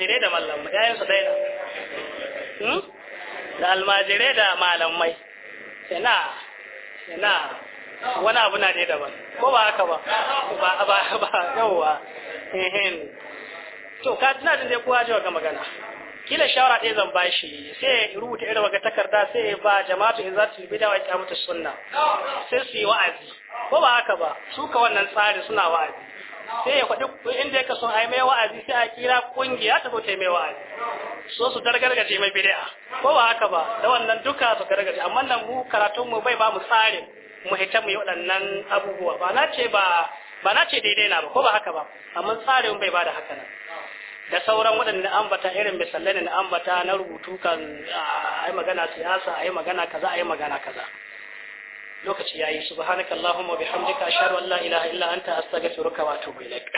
almajirai da malamai yayin su daina hmm? da almajirai da malamai ina ina wani abu na dai daban ko ba haka ba ba ba ba yawa ehin to ka tana jin dai kowa ji ga magana kila shawara ɗaya zan ba shi sai ya rubuta irin wata takarda sai ya ba jama'atu in za su bi libida wa mutu sunna sai su yi wa'azi ko ba haka ba su ka wannan tsari suna wa'azi sai ya kwaɗi inda ya kaso ai mai wa'azi sai a kira kungiya ta fita mai wa'azi so su gargargaje mai bid'a ko ba haka ba da wannan duka su gargaje amma nan mu karatun mu bai ba mu tsare mu hita mu yi waɗannan abubuwa ba na ce ba ba na ce daidai na ba ko ba haka ba amma tsarin bai ba da haka nan da sauran waɗanda ambata irin misalan na ambata na rubutu kan ai magana siyasa ai magana kaza ai magana kaza lokaci yayi subhanakallahumma bihamdika ashhadu an la ilaha illa anta astaghfiruka wa atubu ilaik